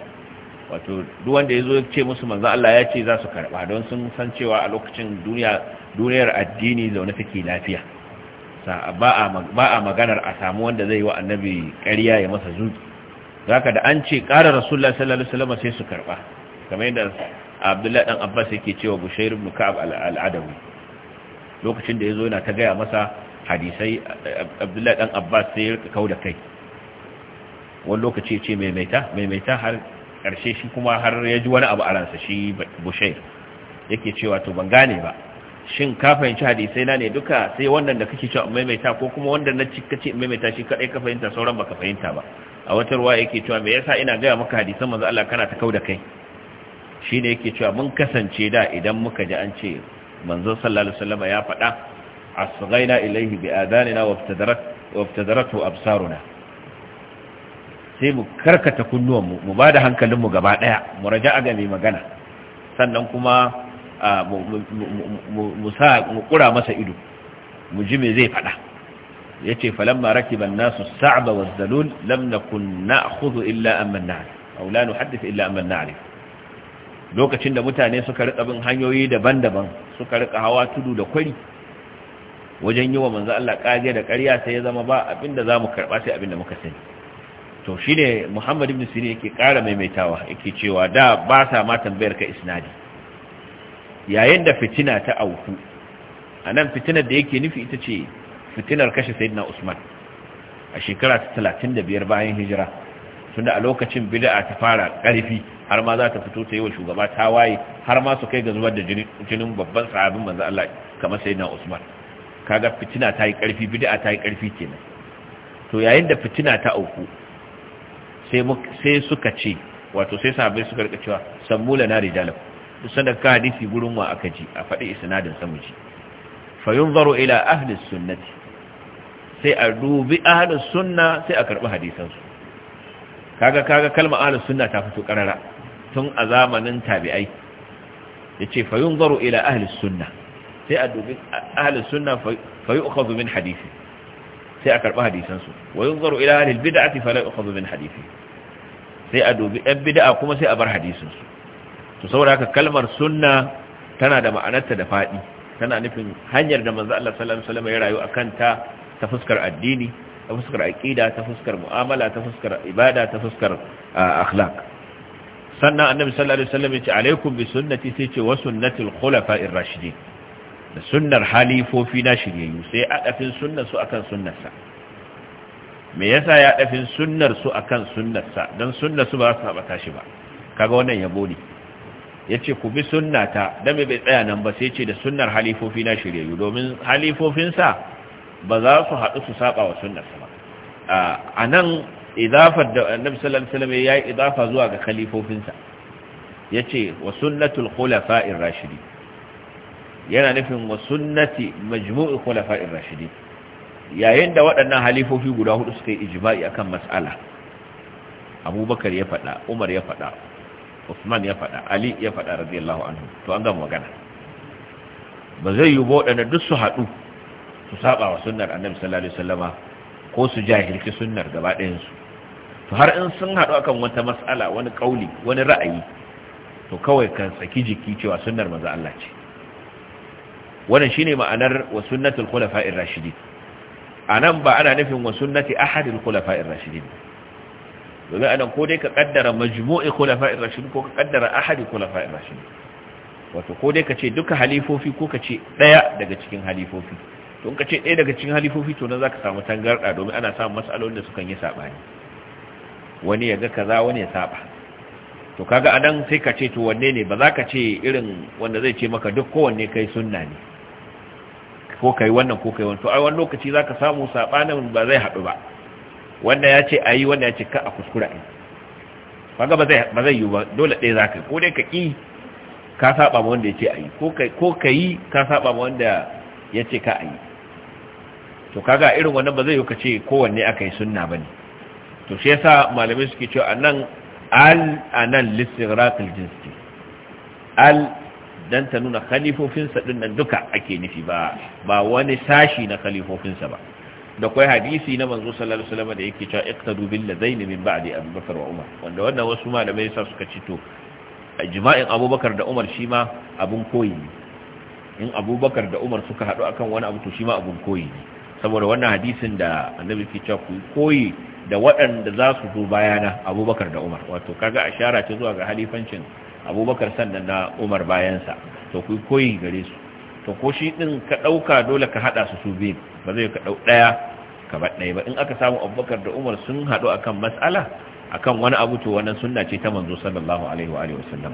wato duk wanda yazo ya ce musu manzo Allah ya ce za su karba don sun san cewa a lokacin duniyar addini zaune take lafiya ba a maganar a samu wanda zai yi wa annabi ƙarya ya masa zuci zaka da an ce ƙara rasulullah sallallahu alaihi wasallam sai su karba kamar yadda abdullahi dan abbas yake cewa bushair ibn ka'ab al-adawi lokacin da yazo yana ta gaya masa hadisai abdullahi dan abbas sai ya rika kauda kai wani lokaci ce maimaita maimaita har karshe shi kuma har ya ji wani abu a ransa shi bushair yake cewa to ban gane ba shin ka fahimci hadisai na ne duka sai wannan da kake cewa maimaita ko kuma wanda na ci kace maimaita shi kadai ka fahimta sauran baka fahimta ba a wata ruwa yake cewa me yasa ina gaya maka hadisan manzo Allah kana ta kauda kai shine yake cewa mun kasance da idan muka ji an ce manzon sallallahu alaihi wasallam ya faɗa asghaina ilayhi bi adanina wabtadarat wabtadaratu absaruna sai mu karkata kunnuwan mu mu bada hankalin mu gaba daya mu raja ga mai magana sannan kuma mu sa mu kura masa ido mu ji me zai faɗa yace falamma rakiba an-nasu as-sa'ba waz-zalul lam nakun na'khudhu illa amman aw la nuhaddith illa amman na'rif lokacin da mutane suka rika bin hanyoyi daban-daban suka rika hawa tudu da kwari wajen yi wa manzo Allah kage da ƙarya sai ya zama ba abinda zamu karba sai abinda muka sani to shine Muhammad ibn Sirin yake ƙara maimaitawa yake cewa da ba sa ma tambayar ka isnadi yayin da fitina ta auku anan fitinar da yake nufi ita ce fitinar kashe Sayyidina Usman a shekara ta 35 bayan hijira tunda a lokacin bid'a ta fara ƙarfi har ma za ta fito ta yi wa shugaba waye har ma su kai ga zubar da jinin babban sahabin manzo Allah kamar sayyidina Usman kaga fitina ta yi ƙarfi bid'a ta yi ƙarfi kenan to yayin da fitina ta auku sai sai suka ce wato sai sahabbai suka rika cewa sammula na rijalam duk sanda ka hadisi gurin wa aka ji a faɗi isnadin samuji fa yunzaru ila ahli sunnati sai a dubi ahli sunna sai a karbi karɓi su kaga kaga kalma ahlus sunna ta fito karara tun a zamanin tabi'ai yace fa yunzaru ila ahlus sunna sai a dubi ahlus sunna fa yu'khadhu min hadisi sai a karba hadisan su wa yunzaru ila ahlil bid'ati fa la yu'khadhu min hadisi sai a dubi ɗan bid'a kuma sai a bar hadisin su to saboda haka kalmar sunna tana da ma'anarta da faɗi tana nufin hanyar da manzo Allah sallallahu alaihi wasallam ya rayu akan ta ta fuskar addini ta fuskar aqida ta fuskar mu'amala ta fuskar ibada ta fuskar akhlaq sannan annabi sallallahu alaihi wasallam yace alaikum bi sunnati sai ce wa sunnatil khulafa'ir rashidin da sunnar halifofi na shiryayyu sai adafin sunnar su akan sunnarsa me yasa ya dafin sunnar su akan sunnarsa dan sunnar su ba su saba tashi ba kaga wannan yabo ne yace ku bi sunnata dan me bai tsaya nan ba sai ce da sunnar halifofi na shiryayyu domin halifofinsa ba za su haɗu su saba wa sunnar ba a nan idafar da annabi sallallahu alaihi wasallam yayi idafa zuwa ga khalifofinsa yace wa sunnatul khulafa'ir rashidi yana nufin wa sunnati majmu'i khulafa'ir rashidi yayin da waɗannan halifofi guda hudu suka yi ijma'i akan mas'ala abubakar ya faɗa umar ya faɗa usman ya faɗa ali ya faɗa radiyallahu anhu to an gama magana ba zai yi waɗanda duk su haɗu su saba wa sunnar annabi sallallahu alaihi wasallama ko su jahilci sunnar gaba ɗayan su to har in sun haɗu akan wata mas'ala wani kauli wani ra'ayi to kawai kan tsaki jiki cewa sunnar manzo Allah ce wannan shine ma'anar wa sunnatul khulafa'ir rashidin anan ba ana nufin wa sunnati ahadil khulafa'ir rashidin domin anan ko dai ka kaddara majmu'i khulafa'ir rashidin ko ka kaddara ahadil khulafa'ir rashidin wato ko dai ka ce duka halifofi ko ka ce daya daga cikin halifofi to ka ce ɗaya daga cikin halifofi to nan za ka samu tangarɗa domin ana samun matsalolin da sukan yi saɓani wani ya ga kaza wani ya saɓa to kaga anan sai ka ce to wanne ne ba za ka ce irin wanda zai ce maka duk kowanne kai sunna ne ko kai wannan ko kai wannan to ai wani lokaci za ka samu saɓanin ba zai haɗu ba wanda ya ce a yi wanda ya ce ka a kuskura ɗin kaga ba zai yi ba dole ɗaya za ka ko dai ka ƙi ka saɓa ma wanda ya ce a yi ko ka yi ka saɓa ma wanda ya ce ka a yi to kaga irin wannan ba zai yi kace kowanne aka yi sunna bane to shi yasa malamai suke cewa anan al anan lisiraqil jinsi al dan ta nuna khalifofinsa din nan duka ake nufi ba ba wani sashi na khalifofinsa ba da kwai hadisi na manzo sallallahu alaihi wasallam da yake cewa iqtadu bil ladaini min ba'di Abu Bakar wa Umar wanda wannan wasu malamai sa suka ci to jima'in abubakar da Umar shi ma abun koyi ne in abubakar da Umar suka hadu akan wani abu to shi ma abun koyi ne saboda wannan hadisin da annabi ke cewa ku koyi da waɗanda za su zo bayana abubakar da umar wato kaga ashara ce zuwa ga halifancin abubakar sannan na umar bayansa to ku koyi gare su to ko shi ɗin ka ɗauka dole ka haɗa su su biyu ba zai ka ɗau ɗaya ka ba ɗaya ba in aka samu abubakar da umar sun haɗu akan matsala? akan wani abu to wannan sunna ce ta manzo sallallahu alaihi wa alihi wasallam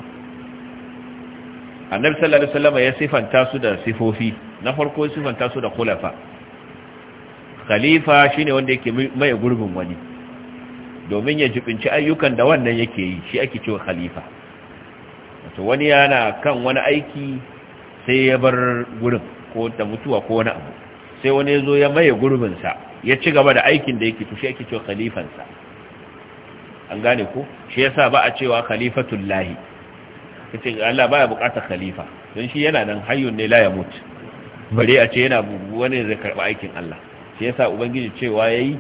annabi sallallahu alaihi wasallam ya sifanta su da sifofi na farko sifanta su da khulafa khalifa shine wanda yake mai gurbin wani domin ya jibinci ayyukan da wannan yake yi shi ake cewa khalifa wato wani yana kan wani aiki sai ya bar gurin ko ta mutuwa ko wani abu sai wani ya zo ya maye sa ya ci gaba da aikin da yake to shi ake cewa khalifansa an gane ko shi yasa ba a cewa khalifatul lahi kace Allah baya bukatar khalifa don shi yana nan hayyun ne la ya mutu bare a ce yana wani zai karba aikin Allah shi yasa ubangiji cewa yayi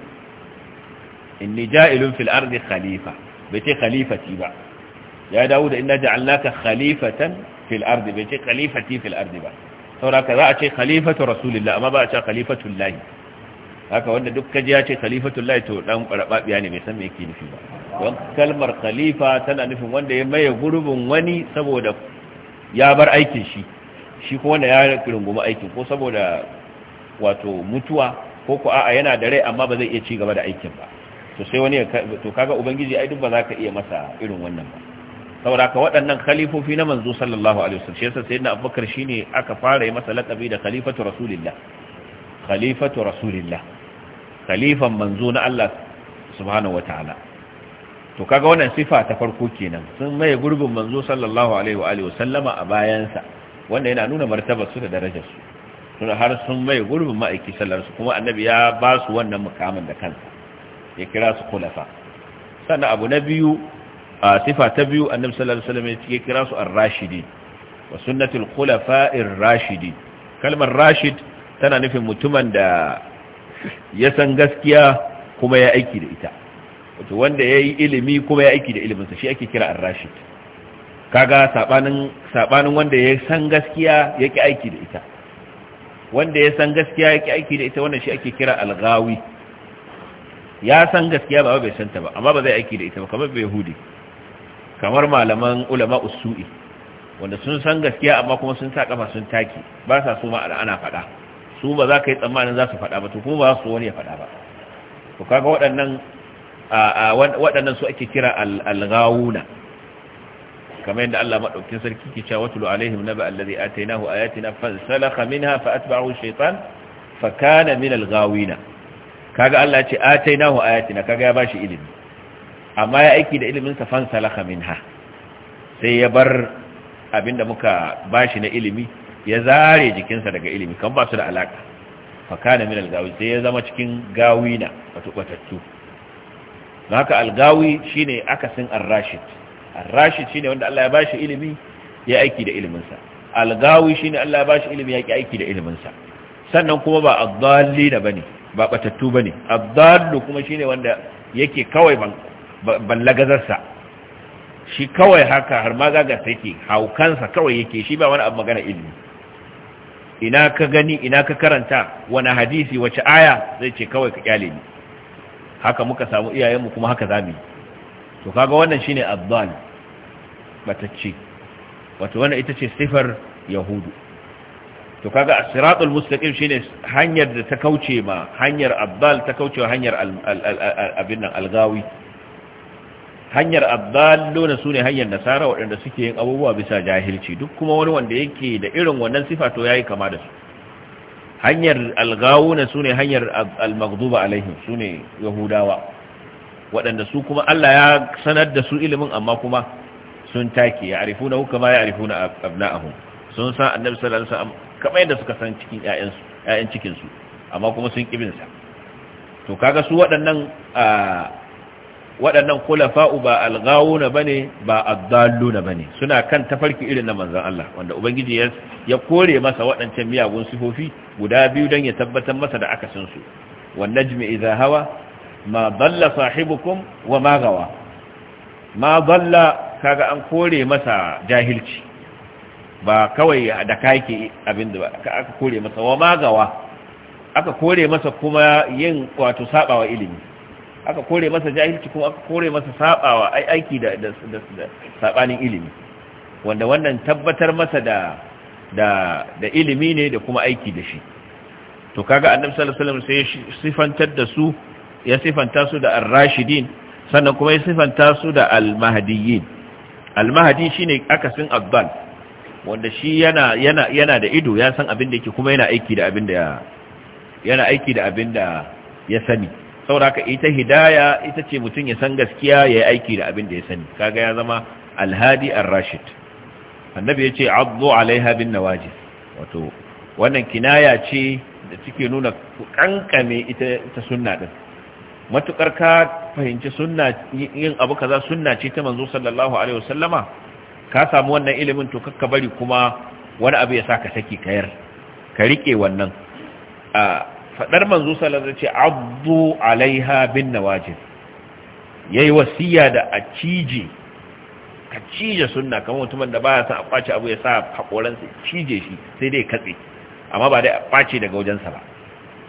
inni ja'ilun fil ardi khalifa bai ce khalifati ba ya dawo da inna ja'alnaka khalifatan fil ardi bai ce khalifati fil ardi ba sauraka za a ce khalifatu rasulillah amma ba a ce khalifatul lahi haka wanda duk kaji ya ce khalifatul lahi to dan rababiya ne bai san me yake nufi ba don kalmar khalifa tana nufin wanda ya maye gurbin wani saboda ya bar aikin shi shi ko wanda ya rungumi aikin ko saboda wato mutuwa ko ku a'a yana da rai amma ba zai iya ci gaba da aikin ba to sai wani to kaga ubangiji ai duk ba za ka iya masa irin wannan ba saboda ka waɗannan khalifofi na manzo sallallahu alaihi wasallam shi yasa sayyidina abubakar shine aka fara masa laqabi da khalifatu rasulillah khalifatu rasulillah khalifan manzo na Allah subhanahu wataala to kaga wannan sifa ta farko kenan sun maye gurbin manzo sallallahu alaihi wa alihi wasallama a bayansa wanda yana nuna martabar su da darajar su har sun mai gurbin ma'aiki sallarsu kuma annabi ya ba su wannan mukamin da kansa ya kira su kulafa sannan abu na biyu a sifa ta biyu annabi sallarsu alaihi wasallam ya kira su an rashidi wa sunnatul in rashidi kalmar rashid tana nufin mutumin da ya san gaskiya kuma ya aiki da ita wato wanda yi ilimi kuma ya aiki da iliminsa shi ake kira an rashid kaga sabanin sabanin wanda ya san gaskiya ya yake aiki da ita wanda ya san gaskiya yake aiki da ita wannan shi ake kira algawi ya san gaskiya ba bai san ta ba amma ba zai aiki da ita ba kamar yahudi kamar malaman ulama usu'i wanda sun san gaskiya amma kuma sun sa kafa sun taki ba sa so ma ana faɗa su ba za ka yi tsammanin za su faɗa ba to kuma ba su wani ya faɗa ba to kaga waɗannan waɗannan su ake kira algawuna kamar yadda Allah madaukakin sarki ke cewa watul alaihim naba allazi atainahu ayatina fansalakha minha faatba'ahu shaytan fakana min alghawina kaga Allah ya ce atainahu ayatina kaga ya bashi ilimi amma ya aiki da ilimin sa fansalakha minha sai ya bar abinda muka bashi na ilimi ya zare jikinsa daga ilimi kan ba su da alaka fakana min algawi sai ya zama cikin gawina wato kwatattu haka algawi shine akasin arrashid ar-rashid ne wanda Allah ya bashi ilimi ya aiki da iliminsa al-gawi ne Allah ya bashi ilimi ya ki aiki da iliminsa sannan kuma ba ad ba bane ba batattu bane ad-dallu kuma ne wanda yake kawai ballagazarsa shi kawai haka har ma zaga take haukansa kawai yake shi ba wani abu magana ilimi ina ka gani ina ka karanta wani hadisi wace aya zai ce kawai ka kyale ni haka muka samu iyayenmu kuma haka zamu to kaga wannan shine ad batacce wato wannan ita ce sifar yahudu to kaga as-siratul mustaqim shine hanyar da ta kauce ma hanyar abdal ta kauce wa hanyar abin nan algawi hanyar abdalluna sune hanyar nasara waɗanda suke yin abubuwa bisa jahilci duk kuma wani wanda yake da irin wannan sifa to yayi kama da su hanyar algawuna sune hanyar almaghduba alaihim sune yahudawa waɗanda su kuma Allah ya sanar da su ilimin amma kuma sun take ya arifuna hu kama ya abna'ahum sun san annabi sallallahu alaihi wasallam kamar yadda suka san cikin ƴaƴan ƴaƴan cikin su amma kuma sun kibin sa to kaga su waɗannan waɗannan kulafa'u ba alghawuna bane ba addalluna bane suna kan tafarki irin na manzon Allah wanda ubangiji ya ya kore masa waɗancan miyagun sifofi guda biyu dan ya tabbatar masa da akasin su wan najmi idha hawa ma dalla sahibukum wa ma gawa ma dalla kaga an kore masa jahilci ba kawai da kake abin da aka kore masa wa magawa aka kore masa kuma yin wato sabawa ilimi aka kore masa jahilci kuma aka kore masa sabawa aiki da da sabanin ilimi wanda wannan tabbatar masa da da da ilimi ne da kuma aiki da shi to kaga annabi sallallahu alaihi wasallam sai sifantar da su ya sifanta su da ar-rashidin sannan kuma ya sifanta su da al-mahdiyyin almahadi shi shine akasin abdal wanda shi yana da ido ya san abin da yake kuma yana aiki da abin da yana aiki da abin da ya sani saboda haka ita hidaya ita ce mutum ya san gaskiya ya yi aiki da abin da ya sani kaga ya zama al ar-rashid annabi yace addu alaiha bin nawajis wato wannan kinaya ce da take nuna kankame ita ta sunna din matukar ka fahimci sunna yin abu kaza sunna ce ta manzo sallallahu alaihi wasallama ka samu wannan ilimin to kakka bari kuma wani abu ya saka saki kayar ka rike wannan a fadar manzo sallallahu alaihi ce addu alaiha bin nawajib yayi wasiya da a cije ka cije sunna kamar mutumin da baya son a kwace abu ya sa hakoransa cije shi sai dai katse amma ba dai a kwace daga wajensa ba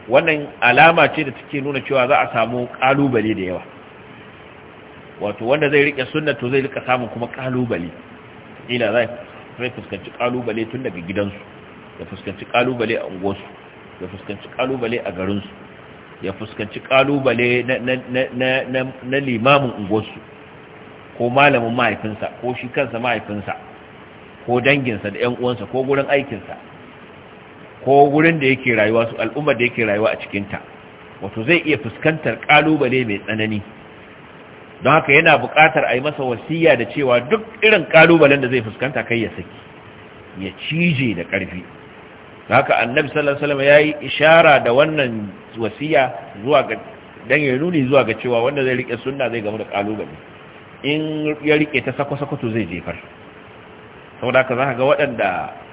wannan alama ce da take nuna cewa za a samu kalubale da yawa wato wanda zai rike sunna to zai rika samun kuma kalubale ila zai zai fuskanci kalubale tun daga gidansu ya fuskanci kalubale a unguwarsu ya fuskanci kalubale a garinsu ya fuskanci kalubale na limamin unguwarsu ko malamin mahaifinsa ko shi kansa mahaifinsa ko danginsa da 'yan uwansa ko gurin aikinsa ko wurin da yake rayuwa su al'umma da yake rayuwa a cikinta wato zai iya fuskantar kalubale mai tsanani don haka yana buƙatar a yi masa wasiya da cewa duk irin kalubalen da zai fuskanta kai ya saki ya cije da ƙarfi haka annabi sallallahu alaihi wasallam yayi ishara da wannan wasiya zuwa ga dan ya nuni zuwa ga cewa wanda zai rike sunna zai gamu da kalubale in ya rike ta sako-sako to zai jefar saboda haka zaka ga waɗanda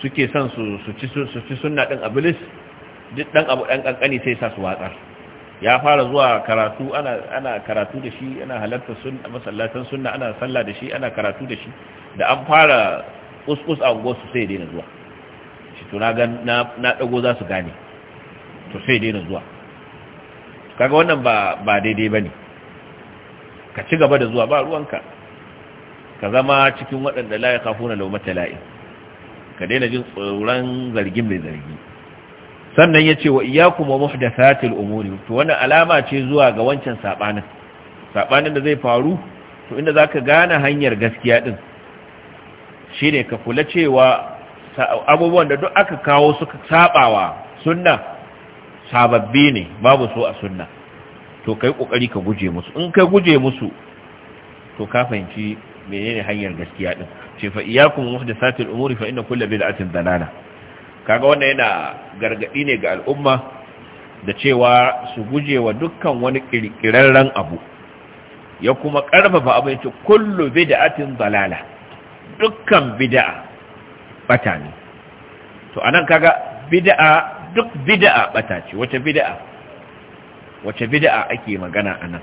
suke son su ci sunna ɗin abilis duk ɗan abu ɗan ƙanƙani sai sa su watsar ya fara zuwa karatu ana karatu da shi ana halarta masallatan sunna ana sallah da shi ana karatu da shi da an fara kuskus a su sai daina zuwa shi to na ɗago za su gane to sai daina zuwa kaga wannan ba daidai ba ne ka ci gaba da zuwa ba ruwanka ka zama cikin waɗanda la ya kafu laumata la'in ka daina jin tsoron zargin mai zargi sannan ya ce wa iyakum kuma muhdathatil umuri to wannan alama ce zuwa ga wancan sabanin sabanin da zai faru to inda zaka gane hanyar gaskiya din shine ka kula cewa abubuwan da duk aka kawo suka sabawa sunna sababbi ne babu so a sunna to kai kokari ka guje musu in kai guje musu to ka fahimci menene hanyar gaskiya din ce fa iyyakum muhdathatil umuri fa inna kullu bid'atin dalala kaga wannan yana gargadi ne ga al'umma da cewa su gujewa dukkan wani kirkirarren abu ya kuma karfafa abu yace kullu bid'atin dalala dukkan bid'a bata ne to anan kaga bid'a duk bid'a bata ce wace bid'a wace bid'a ake magana anan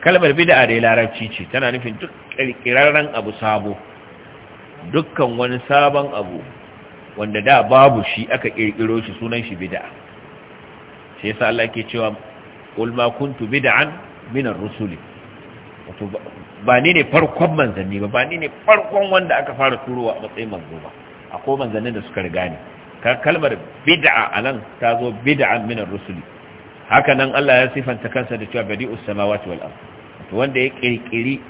kalmar bid'a da larabci ce tana nufin duk kirkirarren abu sabo dukkan wani sabon abu wanda da babu shi aka kirkiro shi sunan shi bid'a Sai yasa Allah yake cewa qul ma kuntu bid'an min ar-rusuli wato ba ni ne farkon manzanni ba ba ni ne farkon wanda aka fara turowa a matsayin manzo ba akwai manzannin da suka riga ni kalmar bid'a anan ta zo bid'an min ar-rusuli haka nan Allah ya sifanta kansa da cewa badi'us samawati wal ard wanda ya kirkiri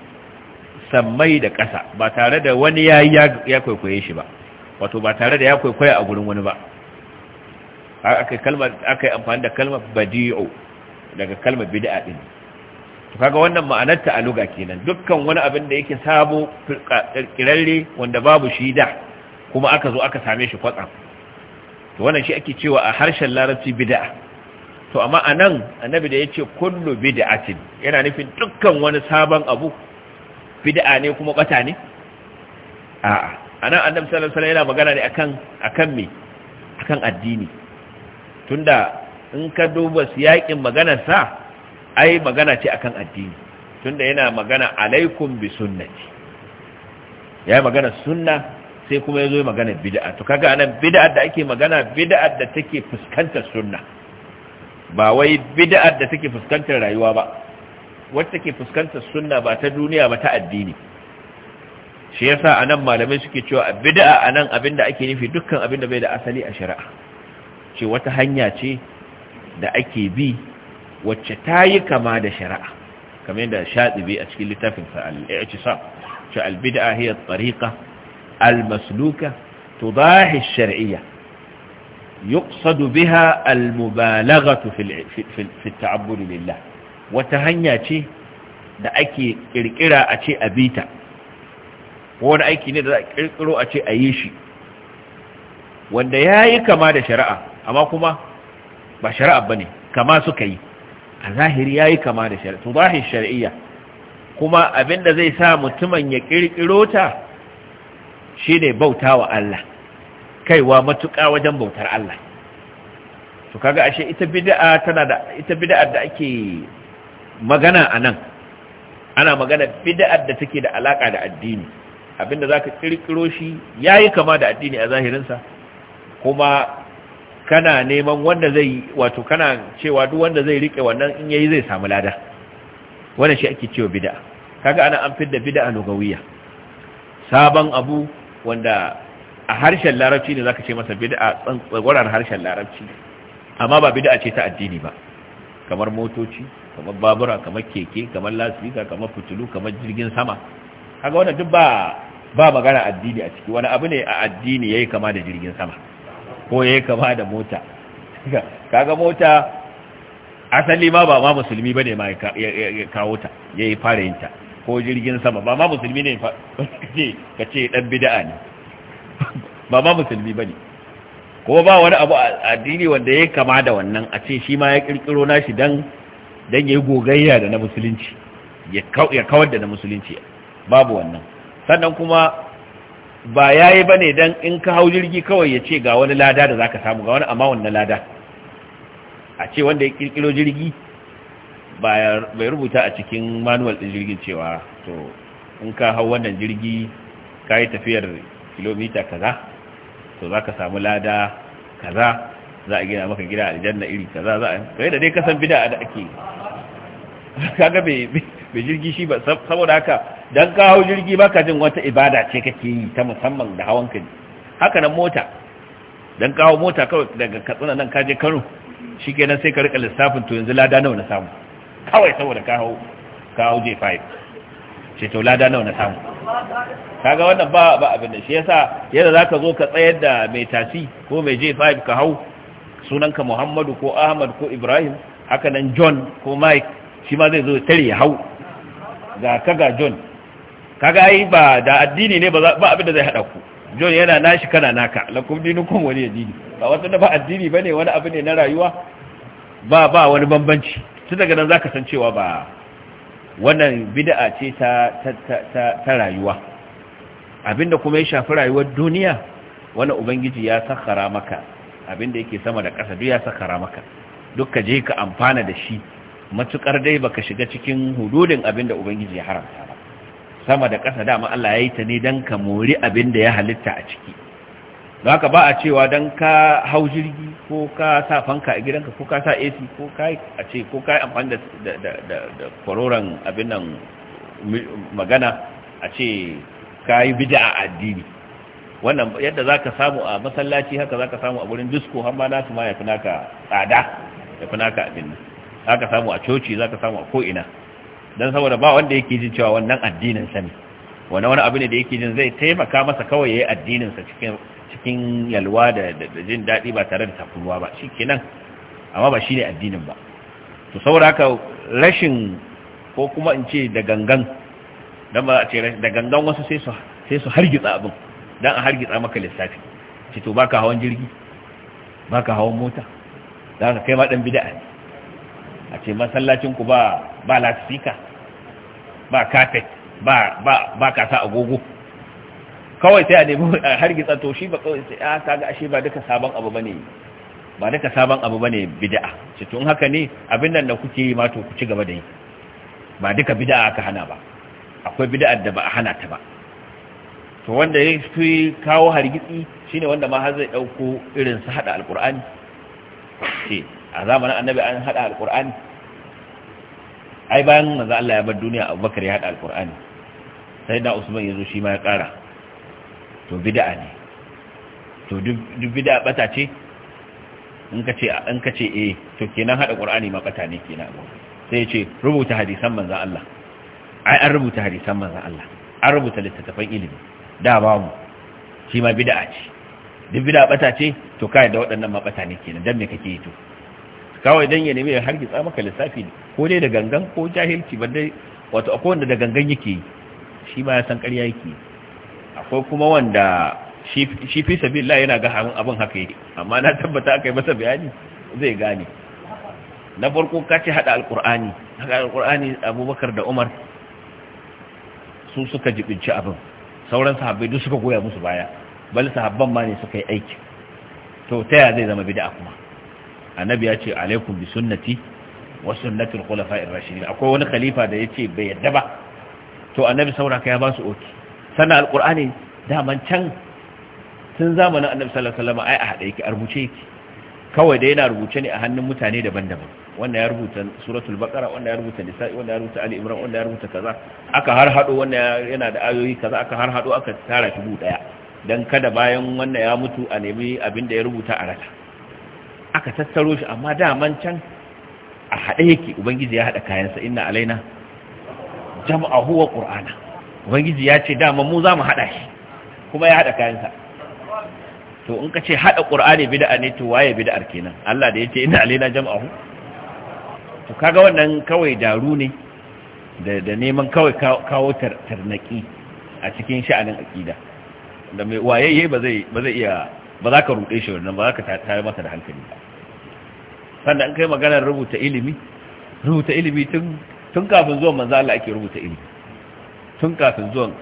sammai da ƙasa ba tare da wani yi ya kwaikwaye shi ba wato ba tare da ya kwaikwaye a gurin wani ba aka yi amfani da kalmar badi'u daga kalmar bida'a din to kaga wannan ma'anar ta a kenan dukkan wani abin da yake sabo kirkirarre wanda babu shi da kuma aka zo aka same shi kwatsam to wannan shi ake cewa a harshen larabci bida'a to amma anan annabi da yace kullu bid'atin yana nufin dukkan wani sabon abu bid'a ne kuma bata ne a'a anan annabi sallallahu alaihi wasallam yana magana ne akan akan me akan addini tunda in ka duba siyakin maganar sa ai magana ce akan addini tunda yana magana alaikum bi sunnati Ya magana sunna sai kuma yazo magana bid'a to kaga anan bid'a da ake magana bid'a da take fuskantar sunna ba wai bid'a da take fuskantar rayuwa ba wata ke fuskantar sunna ba ta duniya ba ta addini shi yasa anan malamai suke cewa bid'a anan abinda ake nufi dukkan abinda bai da asali a shari'a ce wata hanya ce da ake bi wacce ta yi kama da shari'a kamar yadda shatibi a cikin littafin sa al-i'tisam ce al-bid'a hiya at-tariqa al-masluka tudahi shariyya yuqsadu biha al-mubalaghatu fi fi taabbud lillah wata hanya ce da ake kirkira a ce a bita wani aiki ne da za a kirkiro a ce a yi shi wanda ya yi kama da shari'a amma kuma ba shari'a ba ne kama suka yi a zahiri ya yi kama da shari'a su zahir shari'iyya kuma abin da zai sa mutumin ya kirkiro ta shi ne bauta wa Allah kaiwa matuƙa wajen bautar Allah su kaga ashe ita bid'a tana da ita bid'a da ake magana a nan ana magana bid'ar da take da alaka da addini abinda za ka kirkiro shi ya yi kama da addini a zahirinsa kuma kana neman wanda zai wato kana cewa duk wanda zai rike wannan in yayi zai samu lada wannan shi ake cewa bid'a kaga ana an fidda bid'a lugawiya sabon abu wanda a harshen larabci ne zaka ce masa bid'a tsantsagoran harshen larabci amma ba bid'a ce ta addini ba kamar motoci kamar babura kamar keke kamar lasifika kamar fitilu kamar jirgin sama kaga wannan duk ba ba magana addini a ciki wani abu ne a addini yayi kama da jirgin sama ko yayi kama da mota kaga mota asali ma ba ma musulmi bane ma ya kawo ta yayi fara yin ta ko jirgin sama ba ma musulmi ne ka ce dan bid'a ne ba ma musulmi bane kuma ba wani abu a addini wanda ya kama da wannan a ce shi ma ya kirkiro nashi dan dan yayi gogayya da na musulunci ya kawar da na musulunci babu wannan sannan kuma ba yayi bane dan in ka hau jirgi kawai ya ce ga wani lada da zaka samu ga wani amma wannan lada a ce wanda ya kirkiro jirgi bai rubuta a cikin manual din jirgin cewa to in ka hau wannan jirgi ka tafiyar kilomita kaza to za ka samu lada kaza za a gina maka gida aljanna iri kaza za a kai da dai kasan bida da ake kaga bai jirgi shi ba saboda haka don kawo jirgi jirgi baka jin wata ibada ce kake yi ta musamman da hawan ka haka nan mota don kawo mota kawai daga katsina nan ka je Kano shikenan sai ka rika lissafin to yanzu lada nawa na samu kawai saboda kawo hau ka J5 ce to lada nawa na samu kaga wannan ba ba abin da shi yasa yadda zaka zo ka tsayar da mai tasi ko mai J5 ka hau sunanka Muhammadu ko Ahmad ko Ibrahim haka nan John ko Mike shi ma zai zo tare ya hau ga ka ga John kaga ai ba da addini ne ba abin da zai hada ku John yana nashi kana naka lakum dinukum wani addini ba wata da ba addini bane wani abu ne na rayuwa ba ba wani bambanci tun daga nan zaka san cewa ba wannan bid'a ce ta ta ta rayuwa abinda kuma ya shafi rayuwar duniya wani ubangiji ya sakara maka abinda yake sama da ƙasa duk ya sakara maka duk ka je ka amfana da shi matukar dai baka shiga cikin hududin abinda ubangiji ya haramta ba sama da ƙasa dama Allah ya yi ta ne don ka mori abinda ya halitta a ciki don haka ba a cewa dan ka hau jirgi ko ka sa fanka a gidanka ko ka sa AC ko ka a ce ko ka yi amfani da da da kwaroron abin nan magana a ce ka yi bid'a a addini wannan yadda za ka samu a masallaci haka za ka samu a wurin disko har ma su ma ya fi naka tsada ya fi naka abin nan za ka samu a coci za ka samu a ko'ina don saboda ba wanda yake jin cewa wannan addinin sa ne wani wani abu ne da yake jin zai taimaka masa kawai ya yi addininsa cikin cikin yalwa da jin daɗi ba tare da takuruwa ba shi kenan amma ba shi ne addinin ba to saboda haka rashin ko kuma in ce da gangan dan ba a ce da gangan wasu sai su sai su hargitsa abin dan a hargitsa maka lissafi ce to baka hawan jirgi baka hawan mota dan ka kai ma dan bid'a ne a ce masallacin ku ba ba lasfika ba kafet ba ba ba ka agogo kawai sai a nemi hargitsa to shi ba kawai sai a ah, kaga ashe ba duka sabon abu bane ba duka sabon abu bane bid'a ce in haka ne abin nan da kuke yi ma to ku ci gaba da yi ba duka bid'a aka hana ba akwai bid'ar da ba a hana ta ba to wanda ya fi kawo hargitsi shine wanda ma har zai dauko irin su hada alqur'ani eh a zamanin annabi an hada alqur'ani ai bayan manzo Allah ya bar duniya Abubakar ya hada alqur'ani sai da Usman yazo shi ma ya kara to bid'a ne to duk bid'a bata ce in ka ce in ka ce eh to kenan hada qur'ani ma bata ne kenan sai ya ce rubuta hadisan manzo Allah ai an rubuta hadisan manzon Allah an rubuta littattafan ilimi da babu shi ma bid'a ce duk bid'a bata ce to kai da waɗannan ma bata ne kenan dan me kake yi to kawai dan ya nemi harki hargitsa maka lissafi ko dai da gangan ko jahilci ba dai wato akwai wanda da gangan yake yi shi ma ya san ƙarya yake akwai kuma wanda shi fi sabi Allah yana ga harin abin haka yake amma na tabbata aka yi masa bayani zai gane na farko ka ce haɗa hada haɗa abubakar da umar su suka jibinci abin sauran sahabbai duk suka goya musu baya bal sahabban ma ne suka yi aiki to taya zai zama bid'a kuma annabi ya ce alaikum bi sunnati wa sunnati al-khulafa'ir rashidin akwai wani khalifa da yace bai yadda ba to annabi saura ka ya ba su oki sannan alqur'ani daman can tun zamanin annabi sallallahu alaihi wasallam ai a hade yake a rubuce yake kawai da yana rubuce ne a hannun mutane daban-daban wannan ya rubuta suratul baqara wannan ya rubuta nisa'i wannan ya rubuta ali imran wannan ya rubuta kaza aka har hado wannan yana da ayoyi kaza aka har hado aka tara dubu daya dan kada bayan wannan ya mutu a nemi abin da ya rubuta a rata aka tattaro shi amma daman can a hade yake ubangiji ya hada kayansa inna alaina jam'ahu wa qur'ana ubangiji ya ce dama mu za mu hada shi kuma ya hada kayansa to in ka ce hada qur'ani bid'a ne to waye bid'ar kenan Allah da yake inna alaina jam'ahu to kaga wannan kawai daru ne da neman kawai kawo tarnaki a cikin sha'anin aƙida da mai wayayye ba zai iya ba za ka ruɗe shi wannan ba za ka tare masa da hankali ba sannan an kai maganar rubuta ilimi rubuta ilimi tun kafin zuwan manzo Allah ake rubuta ilimi tun kafin zuwan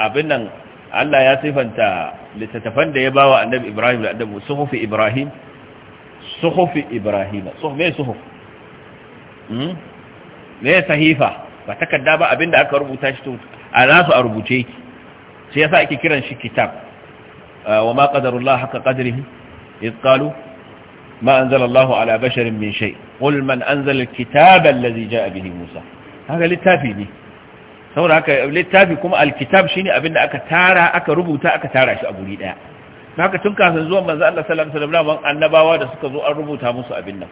abin nan Allah ya sifanta littattafan da ya bawa annabi Ibrahim da annabi suhufi Ibrahim suhufi Ibrahim suhufi suhufi Hmm? me ya sahifa ba takarda ba abinda aka rubuta shi to a nasu a rubuce yake sai yasa ake kiran shi kitab ah, wa ma qadarullah haka qadrihi iz qalu ma anzalallahu ala basharin min shay qul man anzala alkitaba alladhi jaa bihi musa haka littafi ne saboda haka littafi kuma alkitab shine abinda aka tara aka rubuta aka tara shi a guri daya haka tun kafin zuwan manzo Allah sallallahu alaihi wasallam annabawa da suka zo an rubuta musu abin nan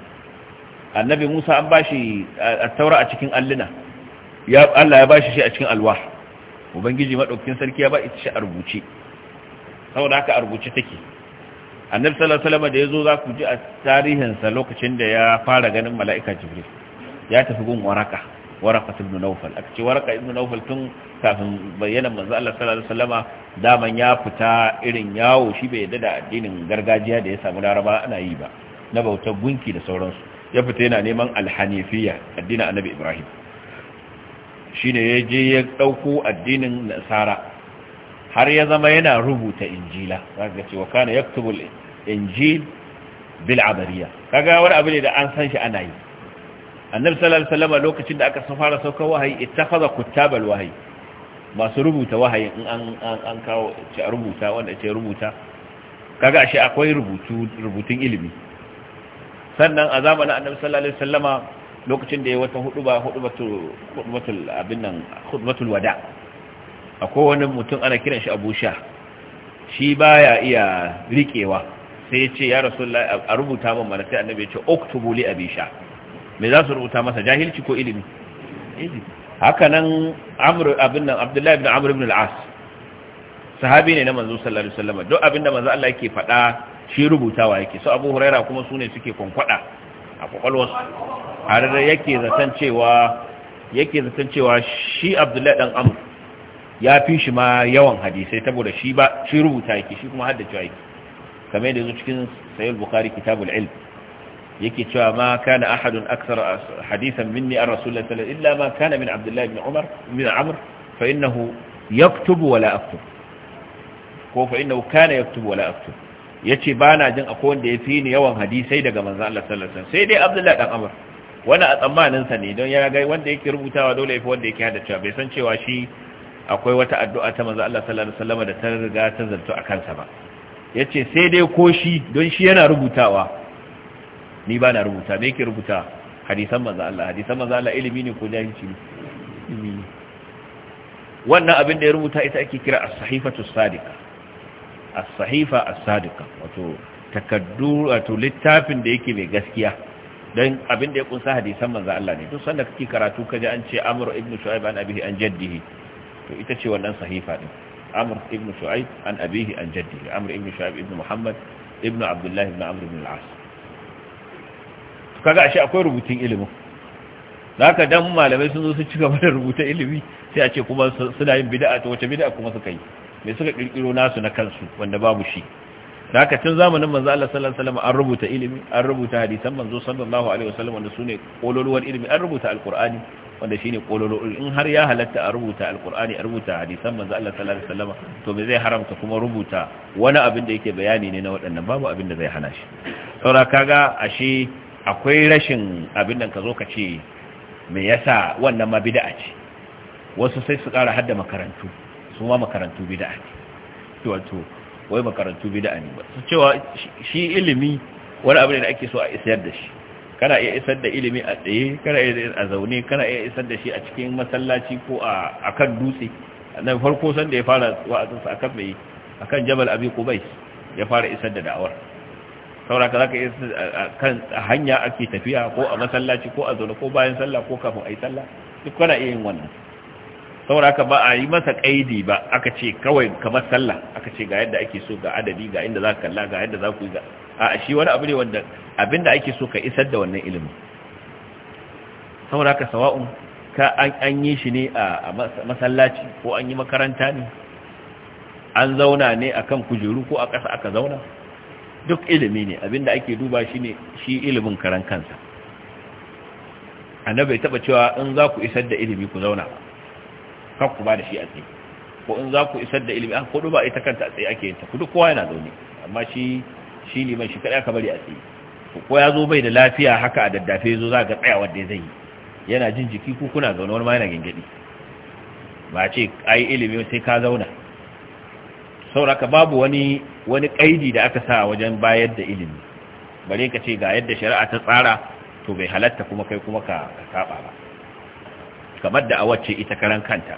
annabi Musa an bashi at-taura a cikin alluna ya Allah ya bashi shi a cikin alwah ubangiji madaukakin sarki ya ba ita shi a rubuce saboda haka a rubuce take annabi sallallahu alaihi wasallam da yazo za ku ji a tarihin sa lokacin da ya fara ganin mala'ika jibril ya tafi gun waraka waraka ibn nawfal aka ce waraka ibn nawfal tun kafin bayyana manzo Allah sallallahu alaihi wasallama daman ya fita irin yawo shi bai yadda da addinin gargajiya da ya samu laraba ana yi ba na bautar gunki da sauransu ya fita yana neman alhanifiya addinin annabi ibrahim shi ne ya je ya ɗauko addinin nasara har ya zama yana rubuta injila za cewa kana yaktubul injil bil abariya kaga wani abu ne da an san shi ana yi annabi sallallahu salama lokacin da aka fara saukar wahayi ittakhadha kuttabal wahayi masu rubuta wahayi in an kawo ce rubuta wanda ce rubuta kaga shi akwai rubutun ilimi sannan a zamanin annabi sallallahu alaihi wasallama lokacin da ya wata huduba hudubatul abin nan hudubatul wada akwai wani mutum ana kiran shi Abu Sha shi baya iya rikewa sai ya ce ya rasulullahi a rubuta min mana sai annabi ya ce uktubu li abi sha me za su rubuta masa jahilci ko ilimi haka nan amr abin nan abdullahi ibn amr ibn al-as sahabi ne na manzo sallallahu alaihi wasallam duk abinda manzo Allah yake faɗa shi rubutawa yake su abu huraira kuma su ne suke kwankwada a kwakwalwarsu har yake zaton cewa yake zaton cewa shi abdullahi dan amur ya fi shi ma yawan hadisai saboda shi ba shi rubuta yake shi kuma haddace yake kamar yadda yanzu cikin sayar Bukhari kitabul ilm yake cewa ma kana ahadun aksar hadisan minni an rasulullah sallallahu alaihi illa ma kana min abdullahi ibn umar min amr fa innahu yaktubu wala aktub ko fa innahu kana yaktubu wala aktub yace ba na jin akwai wanda ya fi ni yawan hadisai daga manzo Allah sallallahu alaihi wasallam sai dai Abdullahi dan Amr wani a tsammanin sa ne don ya ga wanda yake rubutawa dole ya fi wanda yake haddacewa bai san cewa shi akwai wata addu'a ta manzo Allah sallallahu alaihi wasallam da ta riga ta zanto akan sa ba yace sai dai ko shi don shi yana rubutawa ni ba na rubuta me yake rubuta hadisan manzo Allah hadisan manzo Allah ilimi ne ko jahilci ne wannan abin da ya rubuta ita ake kira as-sahifatu sadiqah as-sahifa as-sadiqa wato takaddu wato littafin da yake mai gaskiya dan abin da ya kunsa hadisan manzo Allah ne duk sanda kake karatu kaje an ce Amr ibn Shu'aib an abihi an jaddihi to ita ce wannan sahifa din Amr ibn Shu'aib an abihi an jaddihi Amr ibn Shu'aib ibn Muhammad ibn Abdullah ibn Amr ibn al-As kaga ashe akwai rubutun ilimin zaka dan malamai sun zo su cika gaba da rubuta ilimi sai a ce kuma suna yin bid'a to wace bid'a kuma suka yi mai suka kirkiro nasu na kansu wanda babu shi haka tun zamanin manzo Allah sallallahu alaihi wasallam an rubuta ilimi an rubuta hadisan manzo sallallahu alaihi wasallam wanda sune kololuwar ilimi an rubuta alqur'ani wanda shine kololo in har ya halatta a rubuta alqur'ani a rubuta hadisan manzo Allah sallallahu alaihi wasallam to me zai haramta kuma rubuta wani abin da yake bayani ne na waɗannan babu abin da zai hana shi saboda kaga ashe akwai rashin abin nan ka zo ka ce me yasa wannan ma bid'a ce wasu sai su kara hadda makarantu su ma makarantu bid'a ne wato wai makarantu bid'a ne ba su cewa shi ilimi wani abu ne da ake so a isar da shi kana iya isar da ilimi a tsaye kana iya a zaune kana iya isar da shi a cikin masallaci ko a kan dutse nan farko san da ya fara wa'azinsa a kan mai a kan jabal abi kubais ya fara isar da da'awar sauraka za ka a kan hanya ake tafiya ko a masallaci ko a zaune ko bayan sallah ko kafin a yi sallah duk kana iya yin wannan saboda haka ba a yi masa kaidi ba aka ce kawai kamar sallah aka ce ga yadda ake so ga adadi ga inda za ka kalla ga yadda za ku yi ga a shi wani abu ne wanda abinda ake so ka isar da wannan ilimi saboda haka sawa'un ka an yi shi ne a masallaci ko an yi makaranta ne an zauna ne a kan kujeru ko a ƙasa aka zauna duk ilimi ne abinda ake duba shi ne shi ilimin karan kansa annabi bai taba cewa in za ku isar da ilimi ku zauna ba Kar ku ba da shi a tsaye ko in za ku isar da ilimi ko ah, ba ita kanta a tsaye ake yin ta kudu kowa yana zaune amma shi shi liman shi kaɗai aka bari a tsaye ko ya zo bai da lafiya haka a daddafe zo za ga tsaya da zai yi yana jin jiki ko kuna zaune wani ma yana gingadi ba ce ai ilimi sai ka zauna sauraka babu wani wani kaidi da aka sa wajen bayar da ilimi bare ka ce ga yadda shari'a ta tsara to bai halatta kuma kai kuma ka saba ba kamar da ce ita karan kanta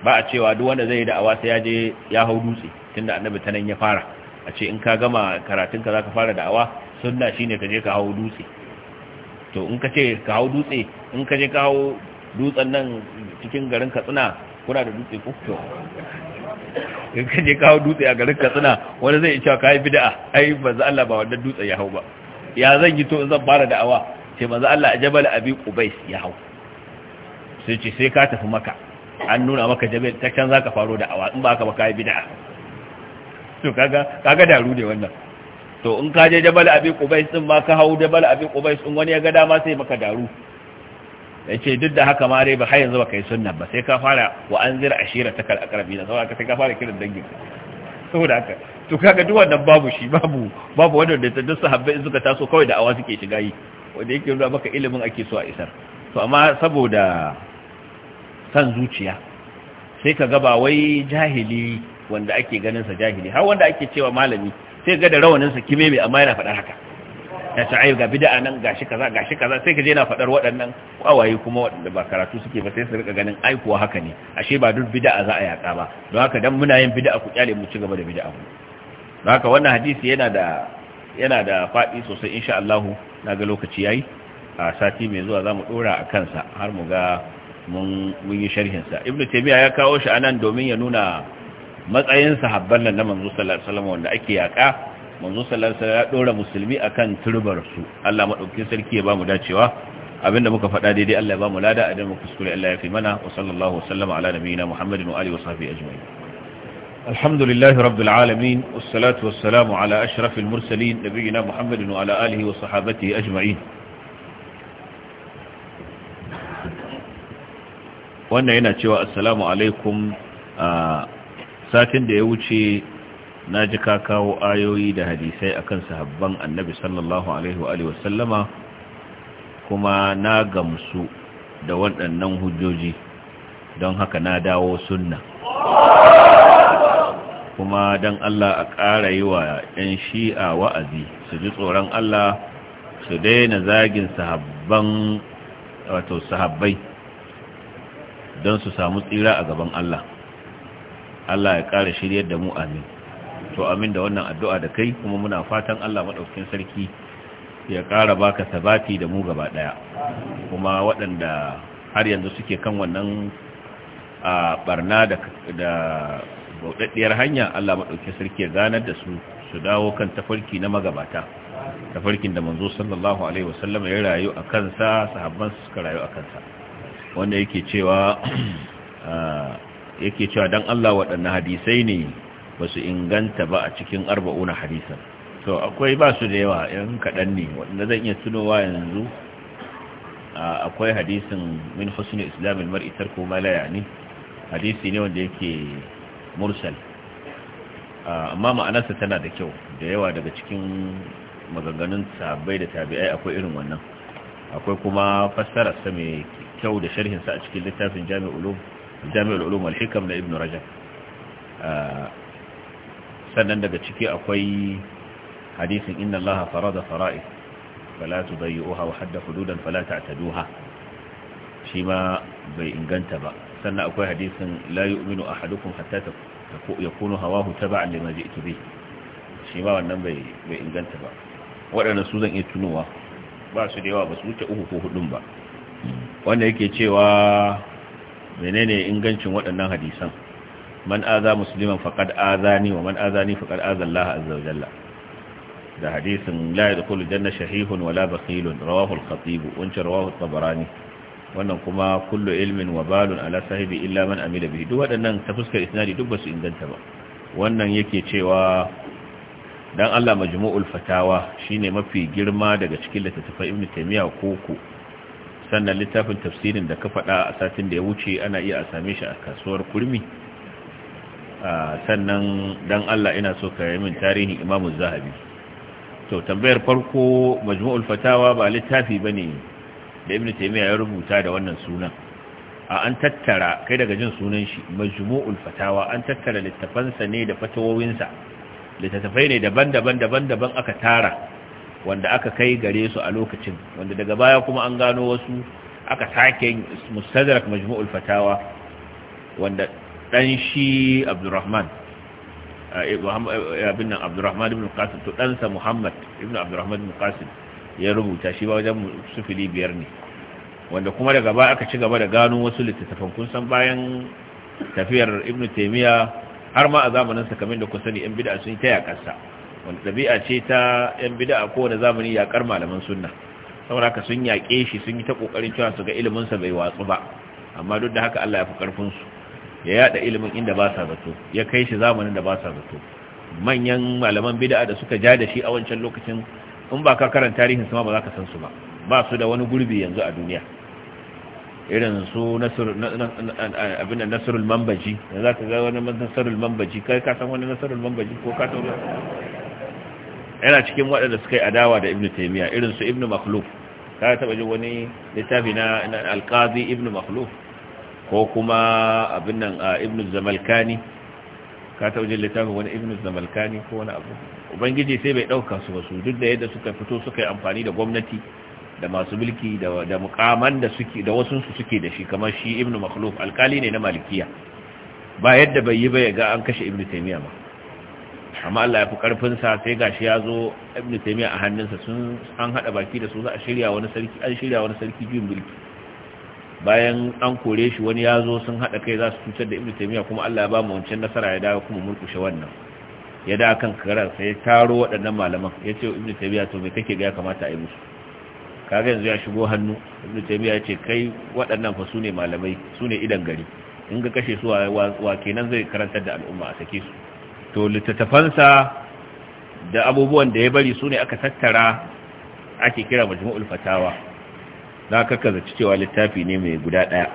ba a cewa duk wanda zai yi da'awa sai ya je ya hau dutse tunda annabi ta nan ya fara a ce in ka gama karatun ka zaka fara da'awa sunna shine ka je ka hau dutse to in ka ce ka hau dutse in ka je ka hau dutsen nan cikin garin Katsina kuna da dutse ko to in ka je ka hau dutse a garin Katsina wanda zai cewa kai bid'a ai manzo Allah ba wannan dutse ya hau ba ya zan yi to in zan fara da'awa ce manzo Allah a Jabal Abi Qubais ya hau sai ce sai ka tafi maka an nuna maka jabe ta can za ka faro da awa in ba ka baka yi bida to kaga kaga daru ne wannan to in ka je jabal abin qubais din ma ka hau jabal abin qubais din wani ya ga dama sai maka daru ya ce duk da haka ma dai ba har yanzu ba yi sunna ba sai ka fara wa an zira ta anzir ashiratakal aqrabina sauraka sai ka fara kiran dangin saboda haka to kaga duk wannan babu shi babu babu wanda da duk sahabbai suka taso kawai da awa suke shiga yi wanda yake nuna maka ilimin ake so a isar to amma saboda san zuciya sai ka ga ba wai jahili wanda ake ganin jahili har wanda ake cewa malami sai ga da rawanin sa kime mai amma yana faɗar haka ya ce ai ga bid'a nan gashi kaza gashi kaza sai ka je yana faɗar waɗannan kwawaye kuma waɗanda ba karatu suke ba sai su rika ganin ai kuwa haka ne ashe ba duk bid'a za a yaka ba don haka dan muna yin bid'a ku kyale mu ci gaba da bid'a mu don haka wannan hadisi yana da yana da faɗi sosai insha Allah na ga lokaci yayi a sati mai zuwa za mu ɗora a kansa har mu ga mun yi sharhinsa ibn taymiya ya kawo shi anan domin ya nuna matsayin sahabban nan na manzo sallallahu alaihi wasallam wanda ake yaka manzo sallallahu alaihi wasallam ya dora musulmi akan turbar su Allah madaukakin sarki ya bamu dacewa abinda muka faɗa daidai Allah ya bamu lada idan muka kuskure Allah ya fi mana wa sallallahu wasallama ala nabiyyina Muhammadin wa alihi wa sahbihi ajma'in alhamdulillahi rabbil alamin was salatu was salamu ala ashrafil mursalin nabiyyina Muhammadin wa ala alihi wa sahbihi ajma'in wannan yana cewa assalamu alaikum a satin da ya wuce na ji ka kawo ayoyi da hadisai a kan sahabban annabi sallallahu alaihi wa alihi wasallama kuma na gamsu da waɗannan hujjoji don haka na dawo sunna kuma don Allah a ƙara yi wa 'yan shi'a wa'azi su ji tsoron Allah su daina zagin sahabban wato sahabbai don su samu tsira a gaban Allah Allah ya ƙara shiryar da mu amin to amin da wannan addu'a da kai kuma muna fatan Allah maɗaukin sarki ya ƙara baka sabati da mu gaba ɗaya kuma waɗanda har yanzu suke kan wannan a ɓarna da bauɗaɗɗiyar hanya Allah maɗaukin sarki ya ganar da su su dawo kan tafarki na magabata tafarkin da manzo sallallahu alaihi wasallam ya rayu a kansa sahabban suka rayu a kansa wanda yake cewa ah, yake cewa dan Allah waɗannan hadisai ne ba su inganta ba a cikin arba'una hadisan to akwai ba su da yawa yan kaɗan ne waɗanda zan iya tunowa yanzu akwai hadisin min husni islamin mar'i tarku ma la yani hadisi ne wanda yake mursal amma ma'anarsa tana da kyau da yawa daga cikin maganganun sahabbai da tabi'ai akwai irin wannan akwai kuma fassarar sa mai kyau da sharhin sa a cikin littafin Jami'ul Ulum wal Hikam na Ibn Rajab ah, sannan daga ciki akwai hadisin inna Allah farada fara'id fala tudayyuha wa hadda hududan fala ta'taduha shi ma bai inganta ba sannan akwai hadisin la yu'minu ahadukum hatta yakunu hawahu taba'an lima ji'tu bihi shi ma wannan bai inganta ba waɗannan su zan iya tunowa ba su da yawa ba su wuce uku ko hudun ba wanda yake cewa menene ingancin waɗannan hadisan man aza musliman faqad azani wa man azani faqad aza Allah azza wa jalla da hadisin la yadkhulu janna shahihun wala bakhilun rawahu al-khatib wancan rawahu tabarani wannan kuma kullu ilmin wa balun ala sahibi illa man amila bihi duk waɗannan ta fuskar isnadi duk ba su inganta ba wannan yake cewa dan Allah majmu'ul fatawa shine mafi girma daga cikin littafin Ibn Taymiyyah koko sannan littafin tafsirin da ka faɗa a satin da ya wuce ana iya same shi a kasuwar kurmi sannan dan Allah ina so ka yi min tarihin Imam Zahabi to tambayar farko majmu'ul fatawa ba littafi bane da Ibn Taymiyyah ya rubuta da wannan sunan a an tattara kai daga jin sunan shi majmu'ul fatawa an tattara littafansa ne da fatawowinsa. littattafai ne daban-daban daban-daban aka tara wanda aka kai gare su a lokacin wanda daga baya kuma an gano wasu aka sake mustadrak majmu'ul fatawa wanda dan shi abdurrahman eh, eh, abin nan abdurrahman ibn qasim to ɗansa muhammad ibn abdurrahman ibn qasim ya rubuta shi ba wajen sufili biyar ne wanda kuma daga baya aka ci gaba da gano wasu littattafan kun san bayan tafiyar ibn taymiya har ma a zamaninsa kamar da ku sani yan bid'a sun ta yakarsa wanda ɗabi'a ce ta yan bid'a kowane zamani yakar malaman sunna saboda haka sun yaƙe shi sun yi ta ƙoƙarin cewa su ga iliminsa bai watsu ba amma duk da haka Allah ya fi ƙarfinsu ya yada ilimin inda ba sa zato ya kai shi zamanin da ba sa zato manyan malaman bid'a da suka ja da shi a wancan lokacin in ba ka karanta tarihin su ma ba za ka san su ba ba su da wani gurbi yanzu a duniya irin su abin da nasarul mambaji da za ka ga wani nasarul mambaji kai ka san wani nasarul mambaji ko ka tauri yana cikin waɗanda suka yi adawa da ibn taimiyya irin su ibnu makhluf ka taba jin wani littafi na alkazi ibnu makhluf ko kuma abin nan ibnu zamalkani ka taba jin littafi wani ibn zamalkani ko wani abu ubangiji sai bai ɗauka su wasu duk da yadda suka fito suka yi amfani da gwamnati da masu mulki da mukaman da suke da wasu su suke da shi kamar shi ibnu makhluf alkali ne na malikiya ba yadda bai yi ba ya ga an kashe Ibn taymiya ba amma Allah ya fi karfin sa sai gashi ya zo ibnu taymiya a hannunsa sun an hada baki da su za a shirya wani sarki an shirya wani sarki juyin mulki bayan an kore shi wani ya zo sun hada kai za su cutar da ibnu taymiya kuma Allah ya ba mu wancan nasara ya dawo kuma mulkushe wannan ya da kan karar sai taro waɗannan malaman ya ce ibnu taymiya to me kake ga ya kamata a yi musu kaga yanzu ya shigo hannu ibnu taymiya ya ce kai waɗannan fa sune malamai sune idan gari in ga kashe su wa kenan zai karantar da al'umma a sake su to littattafansa da abubuwan da ya bari sune aka tattara ake kira majmu'ul fatawa na kaza cewa littafi ne mai guda daya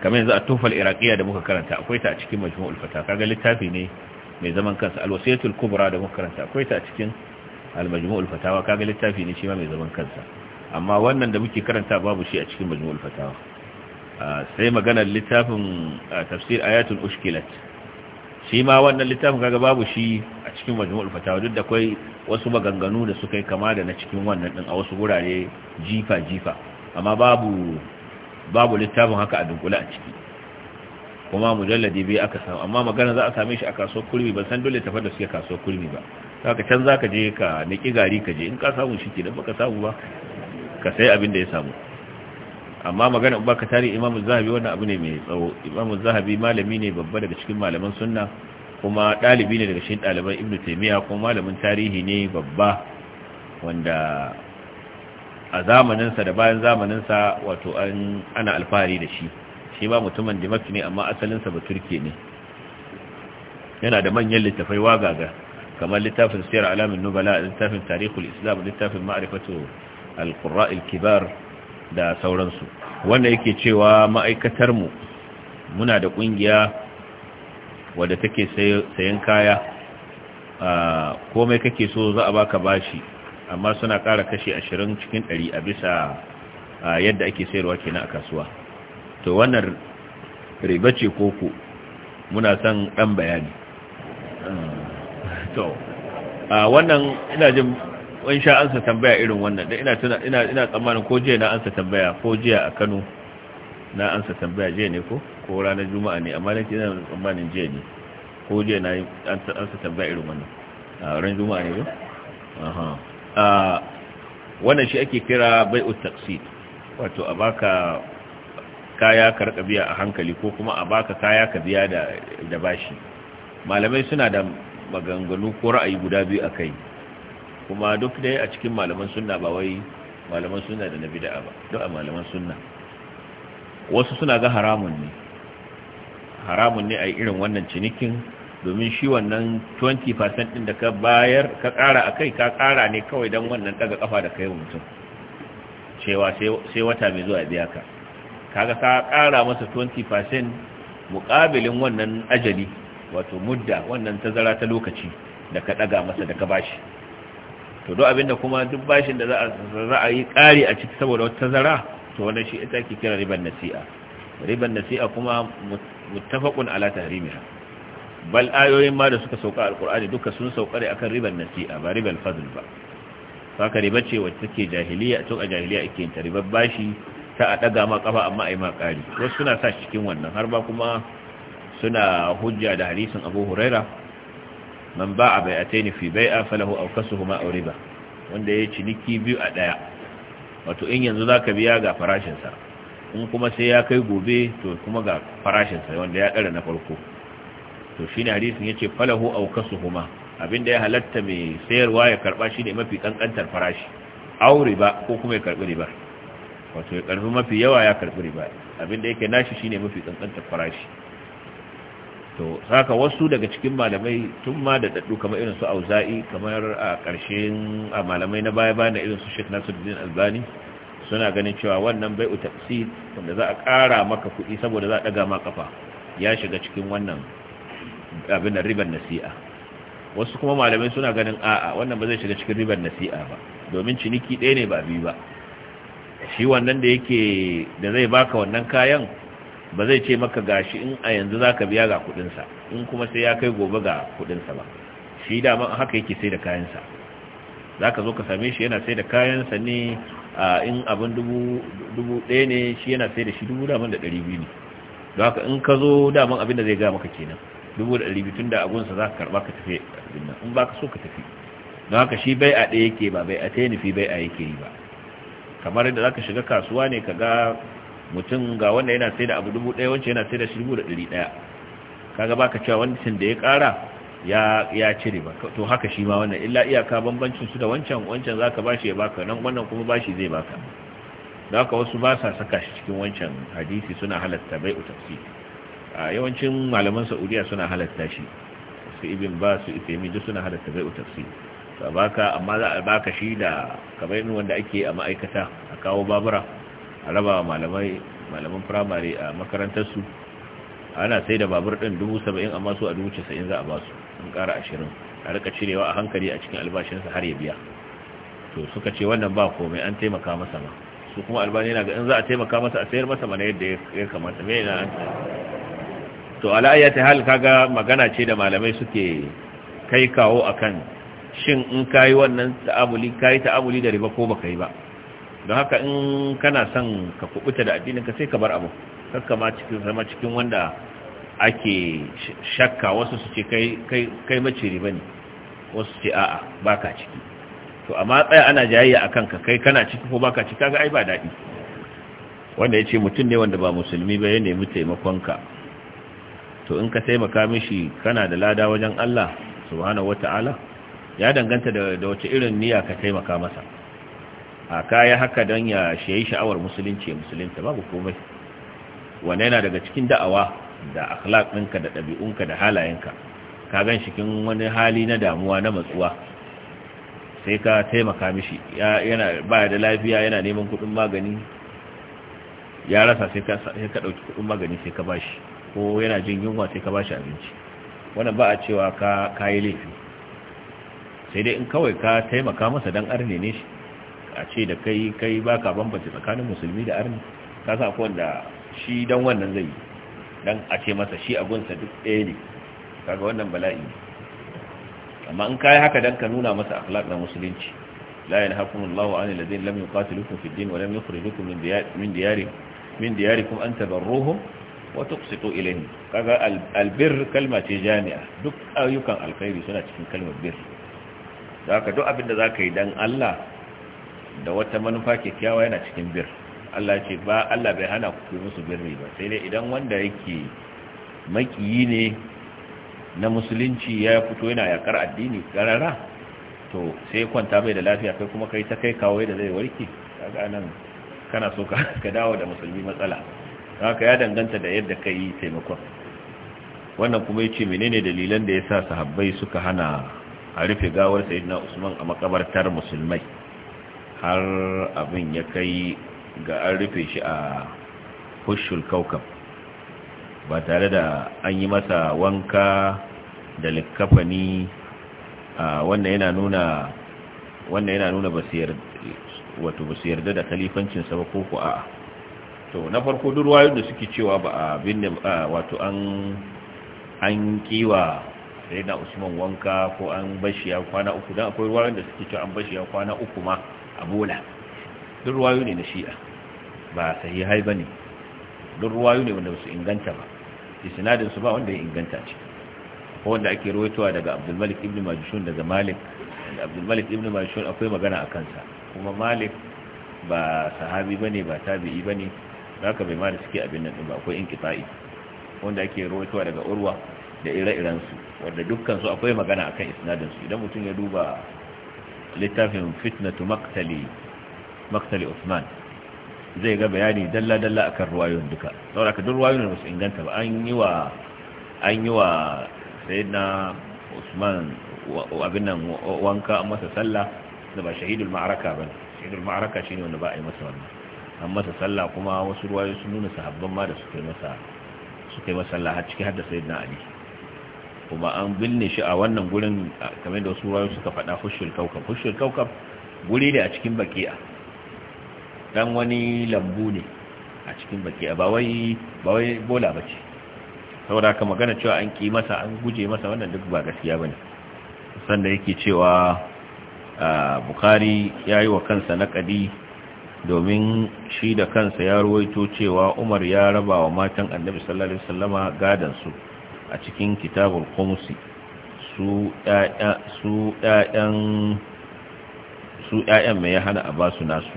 kamar yanzu a tufal iraqiya da muka karanta akwai ta a cikin majmu'ul fatawa kaga littafi ne mai zaman kansa alwasiyatul kubra da muka karanta akwai ta a cikin al-majmu'ul fatawa kaga littafi ne shi mai zaman kansa amma wannan da muke karanta babu shi a cikin majmu'ul fatawa sai maganar littafin tafsir ayatul ushkilat shi ma wannan littafin kaga babu shi a cikin majmu'ul fatawa duk da kai wasu maganganu da suka yi kama da na cikin wannan din a wasu gurare jifa jifa amma babu babu littafin haka a dunkule a ciki kuma mujalladi bai aka samu amma magana za a same shi a kasuwar kurmi ban san dole tafar da suke kasuwar kurmi ba haka can za ka je ka niki gari ka je in ka samu shi ke ba ka samu ba ka sai abin da ya samu amma magana ba ka tari imamu zahabi wannan abu ne mai tsawo imamu zahabi malami ne babba daga cikin malaman sunna kuma ɗalibi ne daga cikin ɗaliban ibnu taimiyya kuma malamin tarihi ne babba wanda a zamaninsa da bayan zamaninsa wato an ana alfahari da shi shi ba mutumin dimaki ne amma asalinsa ba turke ne yana da manyan littafai wagaga kamar littafin siyar alamin nubala littafin tarihul islam littafin ma'arifatu al-qurra kibar da sauransu wanda yake cewa ma'aikatar mu muna da kungiya wadda take sayan kaya komai kake so za a baka bashi amma suna ƙara kashi 20 cikin 100 a bisa yadda ake sayarwa kenan a kasuwa to wannan riba ce koko muna son ɗan bayani to wannan ina jin in sha ansa tambaya irin wannan da ina tuna ina ina tsammanin ko jiya na ansa tambaya ko jiya a Kano na ansa tambaya jiya ne ko ko ranar juma'a ne amma nake ina tsammanin jiya ne ko jiya na ansa tambaya irin wannan a ran juma'a ne aha a wannan shi ake kira bai'ut taqsid wato a baka kaya ka rika biya a hankali ko kuma a baka kaya ka biya da da bashi malamai suna da maganganu ko ra'ayi guda biyu a kai kuma duk dai a cikin malaman sunna ba wai malaman sunna da na bid'a ba duk a malaman sunna wasu suna ga haramun ne haramun ne a irin wannan cinikin domin shi wannan 20% din da ka bayar ka kara akai ka kara ne kawai dan wannan daga kafa da kai mutum cewa sai wata mai zuwa biya ka kaga ka kara masa 20% muƙabilin wannan ajali wato mudda wannan tazara ta lokaci da ka daga masa da ka bashi to duk abinda kuma duk bashin da za a yi kari a ciki saboda wata tazara to wannan shi ita ke kira riban nasi'a riban nasi'a kuma muttafaqun ala tahrimiha bal ayoyin ma da suka sauka alqur'ani duka sun sauka ne akan riban nasi'a ba riban fadl ba saka riba ce wacce take jahiliya tun a jahiliya ake yin ta riban bashi ta a daga ma kafa amma ai ma kari wasu suna sa cikin wannan har ba kuma suna hujja da hadisin abu huraira man ba a bai'atain fi a falahu aw kasuhuma aw riba wanda ya ciniki biyu a daya wato in yanzu zaka biya ga farashin sa in kuma sai ya kai gobe to kuma ga farashin sa wanda ya ɗara na farko to shine hadisin yace falahu aw kasuhuma abinda ya halatta mai sayarwa ya karba shi ne mafi kankantar farashi aw riba ko kuma ya karbi riba wato ya karbi mafi yawa ya karbi riba abinda yake nashi shine mafi kankantar farashi to saka wasu daga cikin malamai tun ma da daddu kamar irin su auza'i kamar a ƙarshen a malamai na baya bayan irin su Sheikh Nasruddin Albani suna ganin cewa wannan bai'u tafsir wanda za a ƙara maka kuɗi saboda za a daga ma kafa ya shiga cikin wannan abin da riban nasi'a wasu kuma malamai suna ganin a'a wannan ba zai shiga cikin riban nasi'a ba domin ciniki ɗaya ne ba biyu ba shi wannan da yake da zai baka wannan kayan ba zai ce maka gashi in a yanzu za ka biya ga kudinsa in kuma sai ya kai gobe ga kudinsa ba shi dama haka yake sai da kayansa za ka zo ka same shi yana sai da kayansa ne a in abin dubu ɗaya ne shi yana sai da shi dubu daman da ɗari biyu ne don haka in ka zo daman abin da zai gaya maka kenan dubu da ɗari biyu tun da abinsa za ka karɓa ka tafi abin nan in ba ka so ka tafi don haka shi bai a ɗaya yake ba bai a ta yi nufi bai a yake yi ba kamar yadda za ka shiga kasuwa ne ka ga mutum ga wanda yana sai da abu dubu ɗaya wancan yana sai da dubu da ɗari ɗaya kaga baka cewa wancan da ya ƙara ya ya cire ba to haka shi ma wannan illa iyaka bambancin su da wancan wancan zaka bashi ya baka nan wannan kuma bashi zai baka da haka wasu ba sa saka shi cikin wancan hadisi suna halatta bai utafsi a yawancin malaman saudiya suna halatta shi su ibin ba su ifemi duk suna halatta bai utafsi to baka amma za a baka shi da kamar wanda ake a ma'aikata a kawo babura a raba malamai malaman firamare a makarantarsu ana sai da babur ɗin dubu saba'in amma su a dubu casa'in za a ba su an ƙara ashirin a rika cirewa a hankali a cikin albashinsa har ya biya to suka ce wannan ba komai an taimaka masa ma su kuma albani na ga in za a taimaka masa a sayar masa mana yadda ya kamata mai na to ala'ayya ta hal kaga magana ce da malamai suke kai kawo akan shin in kayi wannan ta'amuli kayi ta'amuli da riba ko baka yi ba don haka in kana son ka kubuta da addinin ka sai ka bar abu kakka ma cikin zama cikin wanda ake shakka wasu su ce kai maciri ba ne wasu ce a'a baka ciki to amma tsaya ana jayayya a kanka kai kana ciki ko baka ciki kaga ai ba daɗi wanda ya ce mutum ne wanda ba musulmi ba ya nemi taimakonka to in ka taimaka mishi kana da lada wajen Allah subhanahu wata'ala ya danganta da wace irin niyya ka taimaka masa a kaya haka don ya shayi sha'awar musulunci ya musulunta babu komai wane yana daga cikin da'awa da akhlaqinka da ɗabi'unka da halayenka ka gan kin wani hali na damuwa na matsuwa sai ka taimaka mishi yana ba da lafiya yana neman kuɗin magani ya rasa sai ka ɗauki kuɗin magani sai ka bashi ko yana jin yunwa sai ka bashi abinci wannan ba a cewa ka kayi laifi sai dai in kawai ka taimaka masa don arne ne shi a ce da kai kai baka bambance tsakanin musulmi da arni ka sa ko wanda shi dan wannan zai dan a ce masa shi a gunsa duk ɗaya ne kaga wannan bala'i amma in kai haka dan ka nuna masa akhlaq na musulunci la yanhaqumullahu anil ladina lam yuqatilukum fid din wa lam yukhrijukum min diyarikum min diyarikum min diyarikum an tabarruhum wa tuqsitu ilayhim kaga albir kalma ce jami'a duk ayyukan alkhairi suna cikin kalmar bir da haka duk abin da zaka yi dan Allah da wata manufa kyakkyawa yana cikin bir Allah ce ba Allah bai hana ku musu birri ba sai dai idan wanda yake makiyi ne na musulunci ya fito yana yakar addini garara to sai kwanta bai da lafiya kai kuma kai ta kai kawai da zai warke kaga nan kana so ka dawo da musulmi matsala haka ya danganta da yadda ka yi taimakon wannan kuma yace menene dalilan da yasa sahabbai suka hana a rufe gawar sayyidina Usman a makabartar musulmai har abin ya kai ga an rufe shi a hushul kaukab ba tare da an yi masa wanka da likafani wannan yana nuna wannan yana nuna da khalifancin sa ba ko ku a'a to na farko duk yadda da suke cewa ba a binne wato an an kiwa sai na usman wanka ko an bashi ya kwana uku don akwai ruwa da suke an bashi ya kwana uku ma a bola duk ruwayo ne na shi'a ba hai ba ne duk ruwayo ne wanda ba su inganta ba isnadin su ba wanda ya inganta ce ko wanda ake rawaitowa daga abdul malik ibn majishun daga malik da abdul malik ibn majishun akwai magana a kansa kuma malik ba sahabi ba ne ba tabi'i za haka bai ma da suke abin nan ba akwai inqita'i wanda ake rawaitowa daga urwa da ire-iren su wanda dukkan su akwai magana akan isnadin su idan mutum ya duba littafin fitnatu maktali maktali zai ga bayani dalla-dalla akan ruwayoyin duka saboda ka duk ruwayoyin ba su inganta ba an yi wa an Usman abin nan wanka an masa sallah da ba shahidul ma'araka ba shahidul ma'araka ne wanda ba a yi masa wannan an masa sallah kuma wasu ruwayoyi sun nuna sahabban ma da suka yi masa sallah har ciki har da sayyidina Ali kuma an binne shi a wannan gurin kamar da wasu rayu suka faɗa fushil kaukab fushil kaukab guri ne a cikin baki'a dan wani lambu ne a cikin baki'a ba wai ba wai bola bace saboda ka magana cewa an ki masa an guje masa wannan duk ba gaskiya bane sanda yake cewa Bukhari ya yi wa kansa naqadi domin shi da kansa ya ruwaito cewa Umar ya raba wa matan Annabi sallallahu alaihi wasallama gadan su a cikin kitabul khumusi su ‘ya'yan mai ya hana a basu nasu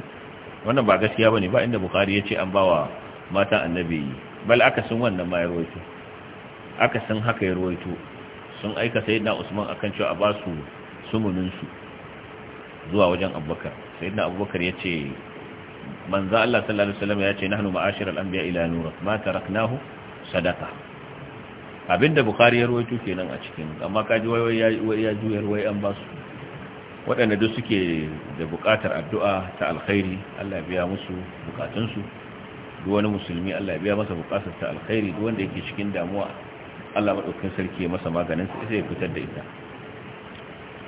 wannan ba gaskiya ba ne ba inda bukari ya ce an bawa matan annabi bal akasin wannan ma ya roito akasin haka ya roito sun aika sai na usman akan cewa a basu sumuninsu zuwa wajen abubakar sai na abubakar ya ce manza Allah sallallahu Alaihi wasallam ya ce nahnu ma'ashir al'ambiya ila nura ma taraknahu sadaka abinda bukari ya rawaito kenan a cikin amma kaji wai ya juyar wai an basu waɗanda duk suke da buƙatar addu'a ta alkhairi Allah ya biya musu buƙatunsu. duk wani musulmi Allah ya biya masa buƙatar ta alkhairi duk wanda yake cikin damuwa Allah madaukakin sarki ya masa maganin sa sai ya fitar da ita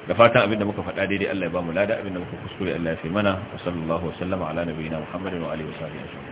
da fatan abinda muka faɗa daidai Allah ya ba mu lada abinda muka kuskure Allah ya fi mana wa sallallahu wa sallama ala nabiyina Muhammadin wa alihi wa sahbihi